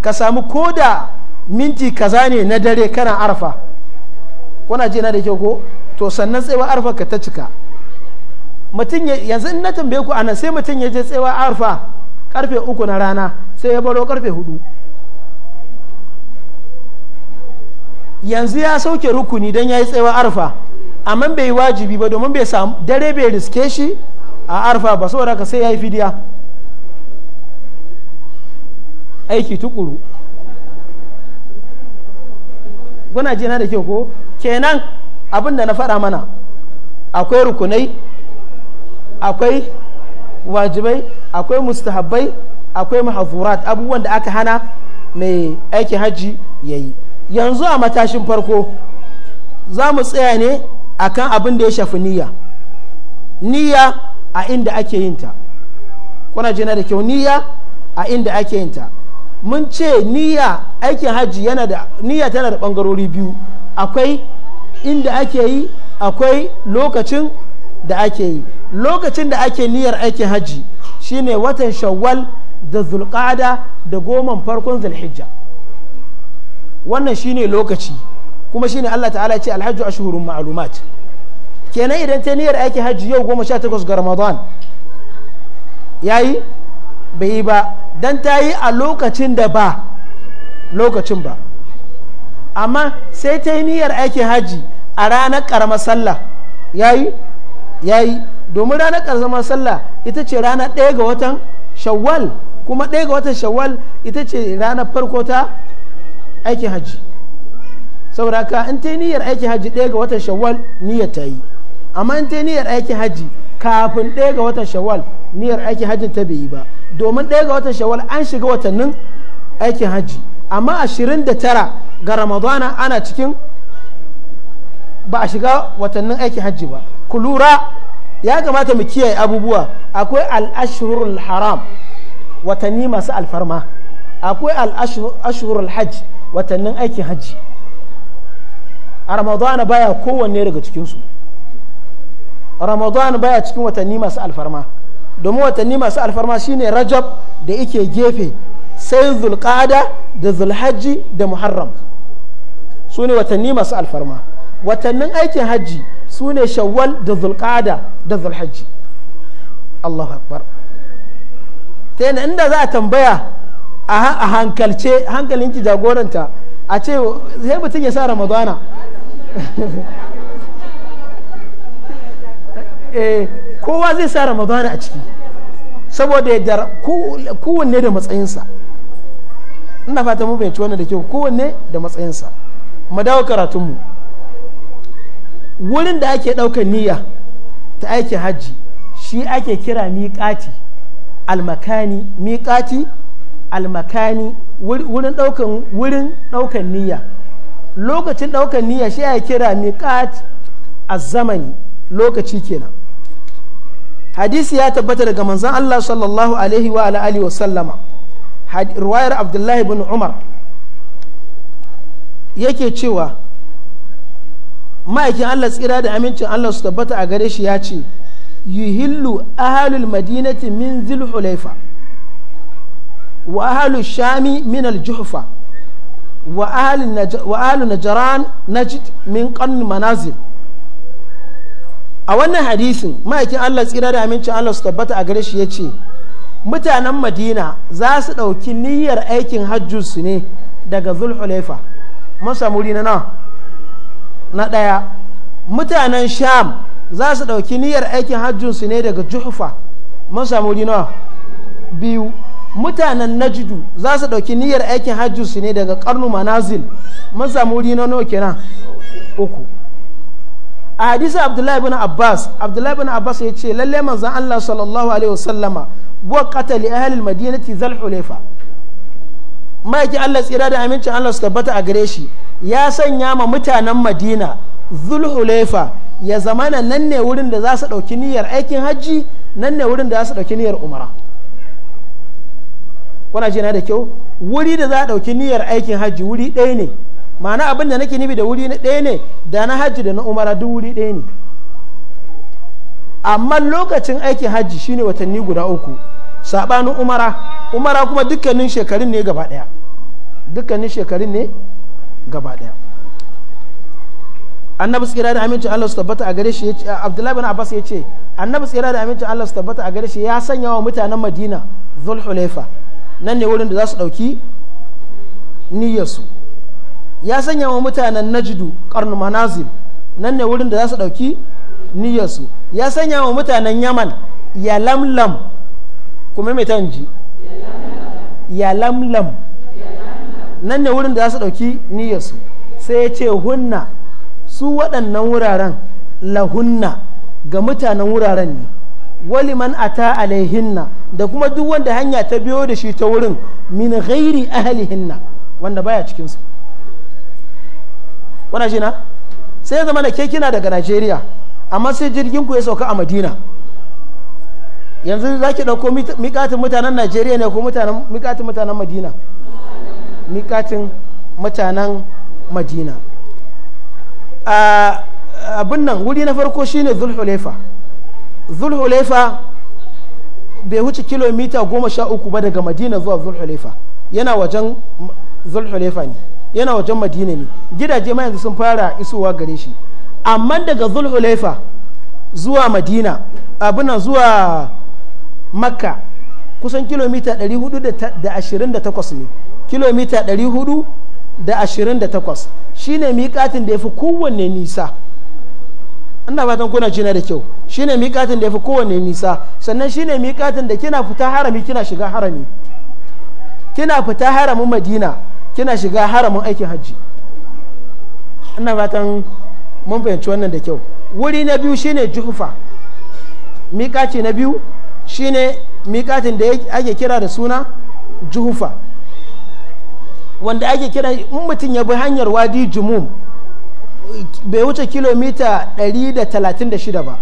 ka samu koda minti kaza ne na dare kana arfa kuna ji na da kyau ko to sannan tsewa arfa ka ta cika mutum yanzu in na tambaye ku anan sai mutum ya je tsewa arfa karfe uku na rana sai ya baro karfe hudu yanzu ya sauke rukuni don ya yi tsewa arfa amma bai yi wajibi ba domin bai samu dare bai riske shi a arfa ba saboda ka sai ya yi fidiya aiki tukuru kuna jina da kyau ko kenan abin da na faɗa mana akwai rukunai akwai wajibai akwai mustahabbai akwai mahafurat abubuwan da aka hana mai aiki hajji ya yi yanzu a matashin farko za mu tsaya ne kan abin da ya shafi niyya niyya a inda ake yinta kuna jina da kyau niyya a inda ake yinta mun ce niyya aikin hajji yana da niyya tana da ɓangarori biyu akwai inda ake yi akwai lokacin da ake yi lokacin da ake niyyar aikin hajji shine watan shawwal da zulqada da goman farkon zulhijja wannan shine lokaci kuma shine Allah ta'ala ya ce alhajju ashhurun ma'lumat kenan idan ta niyyar aikin hajji yau goma sha takwas ga ramadan yayi bai yi ba dan ta yi a lokacin da ba lokacin ba amma sai ta yi niyyar aikin haji a ranar karamar sallah ya yi ya yi domin ranar karamar sallah ita ce rana ɗaya ga watan shawwal kuma ɗaya ga watan shawwal ita ce ranar farko ta aikin haji. saboda ka in ta yi niyyar aikin haji ɗaya ga watan shawwal niyyar ta yi amma in ta yi niyyar aikin haji kafin ɗaya ga watan shawwal niyyar aikin haji ta bai yi ba domin ɗaya ga watan shawwal an shiga watannin aikin haji amma ashirin da tara ga ramadana ana cikin ba a shiga watannin aikin hajji ba ku lura ya kamata mu kiyaye abubuwa akwai al'ashurul haram watanni masu alfarma akwai al'ashurul hajj watannin aikin hajji a ramadana baya kowanne daga cikinsu ramadana baya cikin watanni masu alfarma domin watanni masu alfarma shine rajab da ike gefe sai zulƙada da zulhajji da muharram su ne watanni masu alfarma watannin aikin hajji su ne shawwal da zulƙada da zulhajji allahu akbar ta yana inda za a tambaya a hankalce hankalinki jagoranta a ce sai mutum ya sa ramadana eh, kowa zai sa ramadana a ciki saboda ya kowanne da matsayinsa ina fata mun fahimci wannan da kyau kowanne da matsayinsa mu dawo mu wurin da ake ɗaukar niyya ta aiki hajji shi ake kira miƙati almakani miƙati almakani wurin ɗaukan wurin ɗaukan niyya lokacin ɗaukan niyya shi ake kira miƙat zamani lokaci kenan hadisi ya tabbata daga manzon Allah sallallahu alaihi wa alihi wa sallama ruwayar abdullahi bin umar yake cewa ma'aikin allah tsira da amincin allah su tabbata a gare shi ya ce yuhillu ahalul madinati min zil hulaifa wa ahalul shami min aljuhfa wa ahalul najaran najid min kan manazil a wannan hadisin ma'aikin allah tsira da amincin allah su tabbata a gare shi ya ce mutanen madina za su ɗauki niyyar aikin hajjusu ne daga zulhulaifa masamuri na na ɗaya mutanen sham za su ɗauki niyyar aikin hajjusu ne daga juhufa masamuri na biyu mutanen najidu za su ɗauki niyyar aikin hajjusu ne daga ƙarnu manazil masamuri na nokina uku a hadisin abdullahi bin abbas abdullahi bin abbas ya ce lalle manzan allah sallallahu alaihi wasallama buwa katali ahalil madinati zal hulefa ma'aiki allah tsira da amincin allah su tabbata a gare shi ya sanya ma mutanen madina zul hulefa ya zamana nan ne wurin da za su ɗauki niyyar aikin hajji nan ne wurin da za su ɗauki niyyar umara kuna ji na da kyau wuri da za a ɗauki niyyar aikin hajji wuri ɗaya ne ma'ana abin da nake nufi da wuri ɗaya ne da na hajji da na umara duk wuri ɗaya ne amma lokacin aikin hajji shine watanni guda uku saɓanin umara umara kuma dukkanin shekarun ne gaba ɗaya dukkanin shekarun ne gaba ɗaya annabi tsira da amincin Allah su tabbata a gare shi abdullahi bin abbas ya ce annabi tsira da amincin Allah su tabbata a gare shi ya sanya wa mutanen madina zulhulaifa nan ne wurin da za su ɗauki niyyarsu ya sanya wa mutanen najdu karnu manazil nan ne wurin da za su ɗauki niyyarsu ya sanya wa mutanen yaman ya lamlam kuma mai tanji ya lamlam nan ne wurin da za su ɗauki niyyarsu sai ya ce hunna su waɗannan wuraren lahunna ga mutanen wuraren ne waliman ata alaihinna da kuma duk wanda hanya ta biyo da shi ta wurin min ghairi ahalihinna wanda baya cikinsu kuna shi na sai ya zama da ke kina daga najeriya amma sai jirgin ku ya sauka a madina yanzu za ki ɗauko mikatin mutanen najeriya ne ko mikatin mutanen madina mikatin mutanen madina abin nan wuri na farko shine zulhulefa zulhulefa bai wuce kilomita goma sha uku ba daga madina zuwa zulhulefa yana wajen zulhulefa ne yana wajen madina ne gidaje ma yanzu sun fara isowa gare shi amma daga zulhulaifa zuwa madina abuna zuwa makka kusan kilomita 428 ne kilomita 428 shine miƙatin da ya fi kowanne nisa ina fatan kuna jina da kyau shine miƙatin da ya fi kowanne nisa sannan shine miƙatin da kina fita harami kina shiga harami kina fita haramin madina kina shiga haramin aikin hajji ina fatan mun fahimci wannan da kyau wuri na biyu shine juhufa miƙaci na biyu shine miƙacin da ake kira da suna juhufa wanda ake kira in mutum ya bi hanyar wadi jumum bai wuce kilomita 136 ba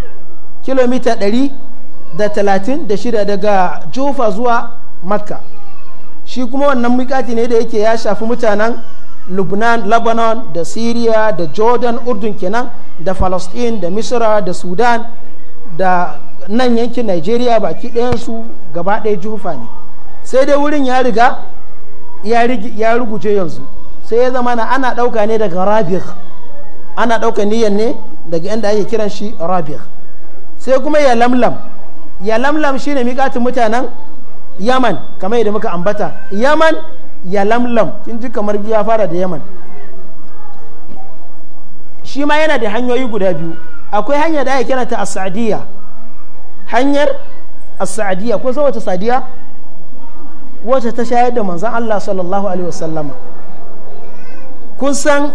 kilomita 136 daga juhufa zuwa makka shi kuma wannan mikati ne da yake ya shafi mutanen lubnan lebanon da syria da jordan urdun kenan da palestine da misra da sudan da nan yankin nigeria baki ɗayansu gaba ɗaya jufa ne sai dai wurin ya riga ya ruguje yanzu sai ya zama na ana ɗauka ne daga rabir ana ɗauka niyan ne daga inda ake kiran shi rabir sai kuma ya lamlam ya lamlam shine mikatin mutanen yaman kamar yadda muka ambata yaman ya lamlam kin ji kamar ya fara da yaman shi ma yana da hanyoyi guda biyu akwai hanyar da ake kira ta as hanyar as ko sai wata sadiya wacce ta shayar da manzon Allah sallallahu alaihi wasallama kun san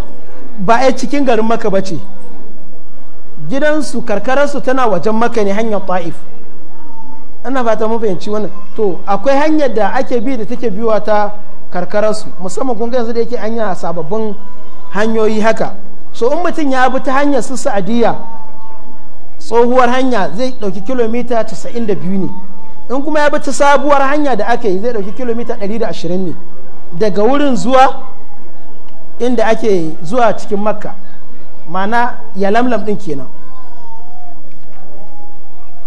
ba a cikin garin maka bace gidansu karkararsu tana wajen maka ne hanyar ta'if ana fata ta fahimci wannan to akwai hanyar da ake bi da take biwa ta karkararsu musamman kun yanzu da yake an yi sababbin hanyoyi haka so in mutum ya bi ta hanyar su sa'adiyya tsohuwar hanya zai ɗauki kilomita 92 ne in kuma ya bi ta sabuwar hanya da aka yi zai ɗauki kilomita 120 ne daga wurin zuwa inda ake zuwa cikin makka mana ya lamlam ɗin kenan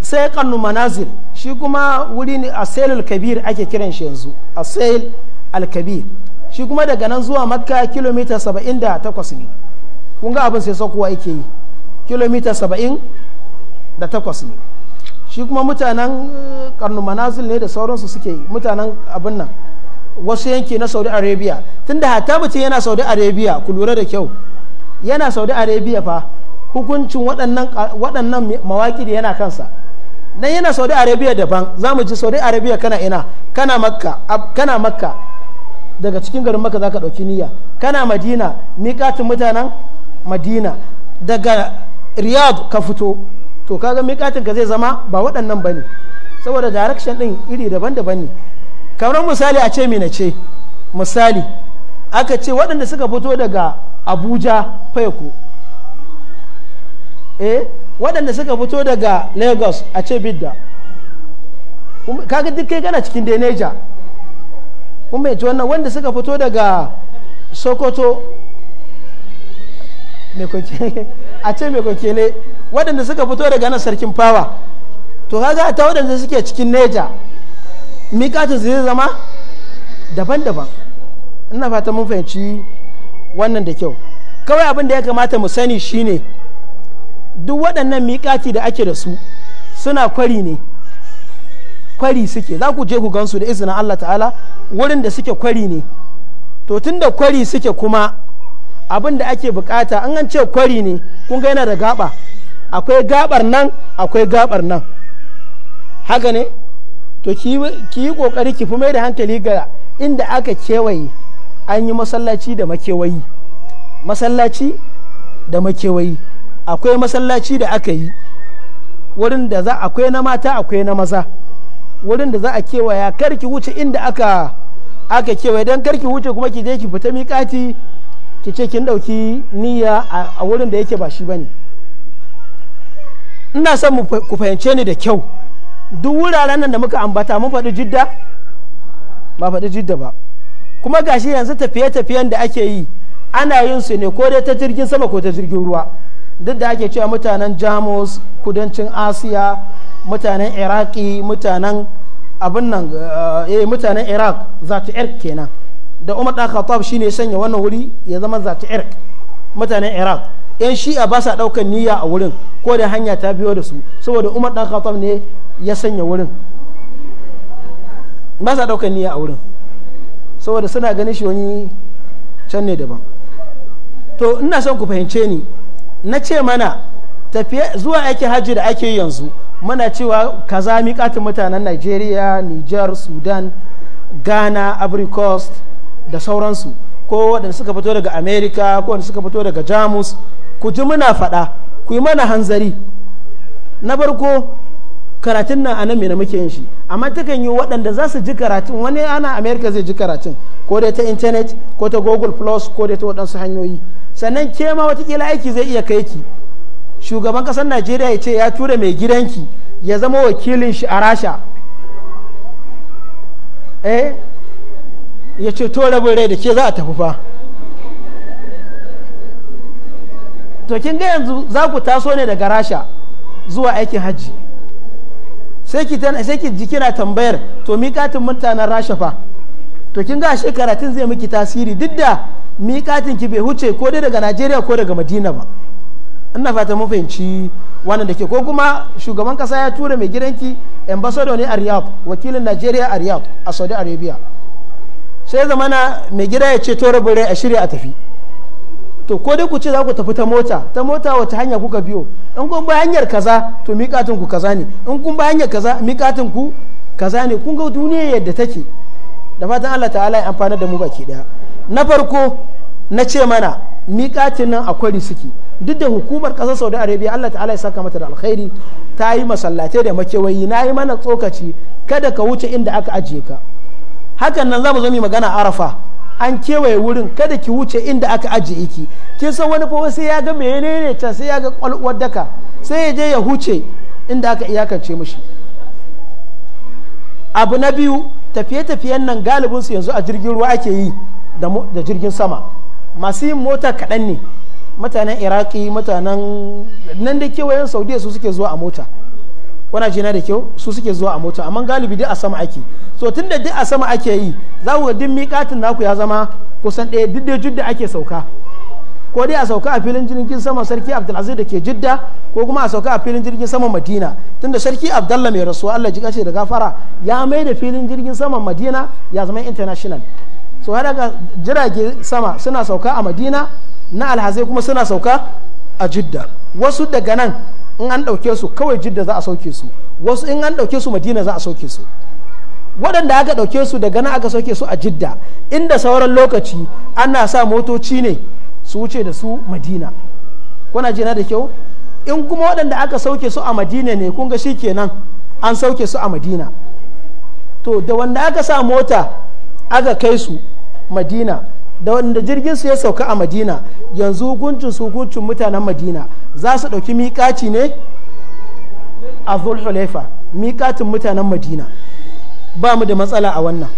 sai kannu manazil shi kuma wuri ne asail al-kabir ake kiran shi yanzu asail al-kabir shi kuma daga nan zuwa makka kilomita 78 ne kun ga abin sai sakuwa yake yi kilomita 78 ne shi kuma mutanen eh, karnu manazil ne da sauransu suke yi mutanen abin nan wasu yanki na saudi arabia tun da hatta mutum yana saudi arabia ku lura da kyau yana saudi arabia fa hukuncin waɗannan mawaƙi da yana kansa nan yana saudi arabia daban za mu ji saudi arabia kana ina kana makka kana makka daga cikin garin makka za ka ɗauki niyya kana madina miƙatin mutanen madina daga riyadh ka fito to kaga miƙatin ka zai zama ba waɗannan ba ne saboda direction ɗin iri daban-daban ne kamar misali a ce mina ce misali aka ce waɗanda suka fito daga abuja fayako eh waɗanda suka fito daga lagos a ce bidda kaga duk kai gana cikin deneja kun ji wannan wanda suka fito daga sokoto a ce mai ne. waɗanda suka fito daga nan sarkin fawa to kaga ta waɗanda suke cikin neja mikatin zai zama daban-daban ina fata mun fahimci wannan da kyau kawai abin da ya kamata mu sani shine ne duk waɗannan miƙati da ake da su suna kwari ne kwari suke za ku je ku gansu da izinin Allah ta'ala wurin da suke kwari ne to tun da kwari suke kuma abin da ake bukata an an ce kwari ne kun ga yana da gaba akwai gabar nan akwai gabar nan haka ne to ki yi kokari ki fi mai da hankali ga inda aka kewaye an yi masallaci da makewayi masallaci da makewayi akwai masallaci da aka yi wurin da za akwai na mata akwai na maza wurin da za a kewaya karki wuce inda aka aka kewaye don karki wuce kuma ki je ki fita miƙati ki ce kin ɗauki niyya a wurin da yake ba shi bane ina son ku fahimce ni da kyau duk wuraren nan da muka ambata mun faɗi jidda ba faɗi jidda ba kuma gashi yanzu tafiye-tafiyen da ake yi ana yin su ne ko dai ta jirgin sama ko ta jirgin ruwa duk da ake cewa mutanen jamus kudancin asiya mutanen iraki mutanen abin nan eh, eh mutanen iraq zata irk kenan da umar dan khattab shine sanya wannan wuri ya zama zata irk mutanen iraq yan shi'a ba sa daukan niyya a wurin ko da hanya ta biyo da su saboda umar dan khattab ne ya sanya wurin ba sa daukan niyya a wurin saboda suna ganin shi wani can ne daban to ina son ku fahimce ni na ce mana tafiye zuwa aikin hajji da ake yanzu muna cewa kaza miƙatin mutanen nigeria niger sudan ghana coast da sauransu ko waɗanda suka fito daga america ko waɗanda suka fito daga jamus ku ji muna faɗa ku yi mana hanzari na farko karatun na anan me na muke yin shi amma takan yi waɗanda za su ji karatun wani ana america zai ji karatun ko dai ta internet ko ta google plus ko dai ta waɗansu hanyoyi sannan ke ma watakila aiki zai iya kai ki shugaban ƙasar najeriya ya ce ya tura mai gidanki ya zama wakilin shi a rasha eh ya ce to rabin rai da ke za a tafi fa to kin ga yanzu za ku taso ne daga rasha zuwa aikin hajji sai ki sai ki ji kina tambayar to miƙatin mutanen rasha fa to kin ga ashe karatun zai miki tasiri duk da miƙatin ki bai huce ko dai daga Najeriya ko daga Madina ba ina fata mun fahimci wannan da ke ko kuma shugaban kasa ya tura mai gidanki ambassador ne a Riyadh wakilin Najeriya a Riyadh a Saudi Arabia sai zamana mai gida ya ce to rai a shirya a tafi to ko dai ku ce za ku tafi ta mota ta mota wata hanya kuka biyo in kun ba hanyar kaza to miƙatin ku kaza ne in kun ba hanyar kaza miƙatin ku kaza ne kun ga duniya yadda take da fatan Allah ta'ala ya amfana da mu baki daya na farko na ce mana miƙatin nan akwai risiki duk da hukumar ƙasar saudi arabia allah ta'ala ya saka mata da alkhairi ta yi masallatai da makewayi na yi mana tsokaci kada ka wuce inda aka ajiye ka hakan nan za mu zo mu magana arafa an kewaye wurin kada ki wuce inda aka ajiye ki kin san wani fa sai ya ga menene ta sai ya ga kwalwar daka sai ya je ya huce inda aka iyakance mishi abu na biyu tafiye-tafiyen nan galibin su yanzu a jirgin ruwa ake yi da jirgin sama masu yin mota kaɗan ne mutanen iraki mutanen nan da kewayen saudiya su suke zuwa a mota kuna jina da kyau su suke zuwa a mota amma galibi duk a sama ake so tun da duk a sama ake yi za ku ga duk miƙatin naku ya zama kusan ɗaya duk da judda ake sauka ko dai a sauka a filin jirgin sama sarki abdulaziz da ke jidda ko kuma a sauka a filin jirgin sama madina tunda sarki abdallah mai rasuwa allah ji kashe da gafara ya mai da filin jirgin sama madina ya zama international so har jirage sama suna sauka a madina na alhazai kuma suna sauka a jidda wasu daga nan in an ɗauke su kawai jidda za a sauke su wasu in an ɗauke su madina za a sauke su waɗanda aka ɗauke su daga nan aka sauke su a jidda inda sauran lokaci ana sa motoci ne su wuce da su madina kuna jina da kyau in kuma waɗanda aka sauke su a madina ne kun ga shi kenan an sauke su a madina to da wanda aka sa mota aka kai su madina da wanda jirgin su ya sauka a madina yanzu hukuncin su hukuncin mutanen madina za su ɗauki miƙaci ne a zulhulaifa miƙacin mutanen madina ba mu da matsala a wannan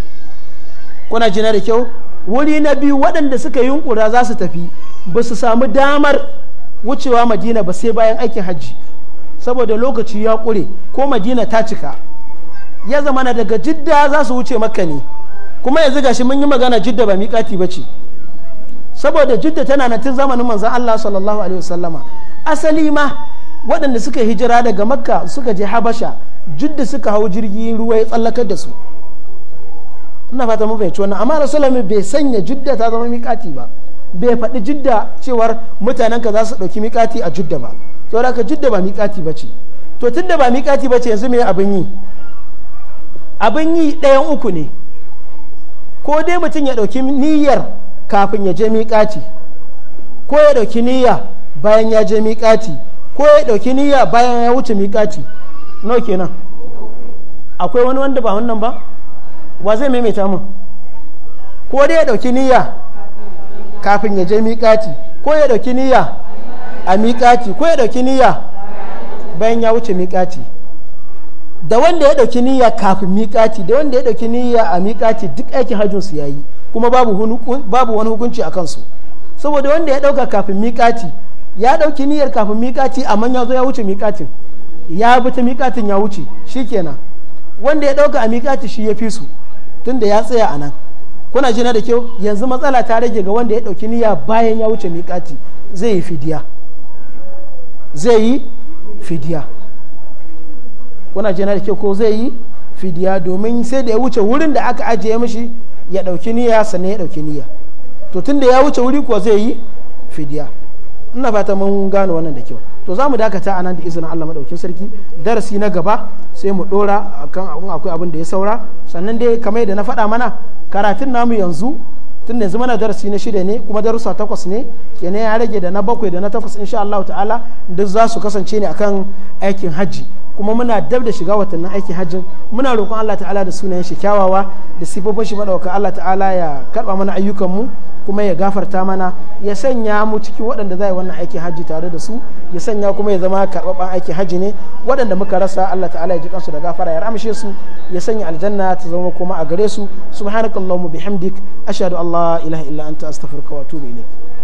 kuna jina da kyau wuri na biyu waɗanda suka yi yunkura za su tafi ba su samu damar wucewa madina ba sai bayan aikin hajji saboda lokaci ya ƙure ko madina ta cika ya zama na daga jidda za su wuce makka ne kuma yanzu gashi mun yi magana jidda ba miƙati ba ce saboda jidda tana na tun zamanin manzan Allah sallallahu alaihi wasallama asali ma waɗanda suka hijira daga makka suka je habasha jidda suka hau jirgin ruwa ya tsallakar da su ina fata mun fahimci wannan amma rasulullahi bai sanya jidda ta zama miƙati ba bai faɗi jidda cewar mutanen ka za su ɗauki miƙati a jidda ba saboda ka jidda ba miƙati ba ce to tunda ba miƙati ba ce yanzu me abin yi abin yi ɗayan uku ne ko dai mutum ya ɗauki niyyar kafin ya je miƙati ko ya ɗauki niyya bayan ya je miƙati ko ya ɗauki niyya bayan ya wuce miƙati no kenan akwai wani wanda ba wannan ba wa zai maimaita mu ko dai ya ɗauki niyya kafin ya je miƙati ko ya ɗauki niyya a miƙati ko ya ɗauki niyya bayan ya wuce miƙati da wanda ya dauki niyya kafin miƙati da wanda ya dauki niyya a miƙati duk aikin hajjin su yayi kuma babu babu wani hukunci a kansu saboda wanda ya dauka kafin miƙati ya dauki niyyar kafin miƙati amma ya zo ya wuce miƙatin ya bi ta miƙatin ya wuce shikenan wanda ya dauka a miƙati shi ya fi su tunda ya tsaya a nan kuna jina da kyau yanzu matsala ta rage ga wanda ya dauki niyya bayan ya wuce miƙati zai yi fidiya zai yi fidiya kuna jina da ke ko zai yi fidiya domin sai da ya wuce wurin da aka ajiye mishi ya dauki niyya sannan ya ɗauki niyya to tun da ya wuce wuri kuwa zai yi fidiya ina fata mun gano wannan da kyau to za mu dakata a nan da izinin Allah maɗaukin sarki darasi na gaba sai mu ɗora akan akwai abin da ya saura sannan dai kamar da na faɗa mana karatun namu yanzu tun yanzu mana darasi na shida ne kuma darussa takwas ne kenan ya rage da na bakwai da na takwas insha allahu ta'ala duk za su kasance ne akan aikin hajji kuma muna dab da shiga watannin aikin hajjin muna roƙon Allah ta'ala da sunayen shi kyawawa da sifofin shi madauka Allah ta'ala ya karba mana ayyukan mu kuma ya gafarta mana ya sanya mu cikin waɗanda za yi wannan aikin hajji tare da su ya sanya kuma ya zama karɓaɓɓen aikin hajji ne waɗanda muka rasa Allah ta'ala ya ji kansu da gafara ya ramshe su ya sanya aljanna ta zama kuma a gare su subhanakallahumma bihamdik ashhadu an la ilaha illa anta astaghfiruka wa atubu ilaik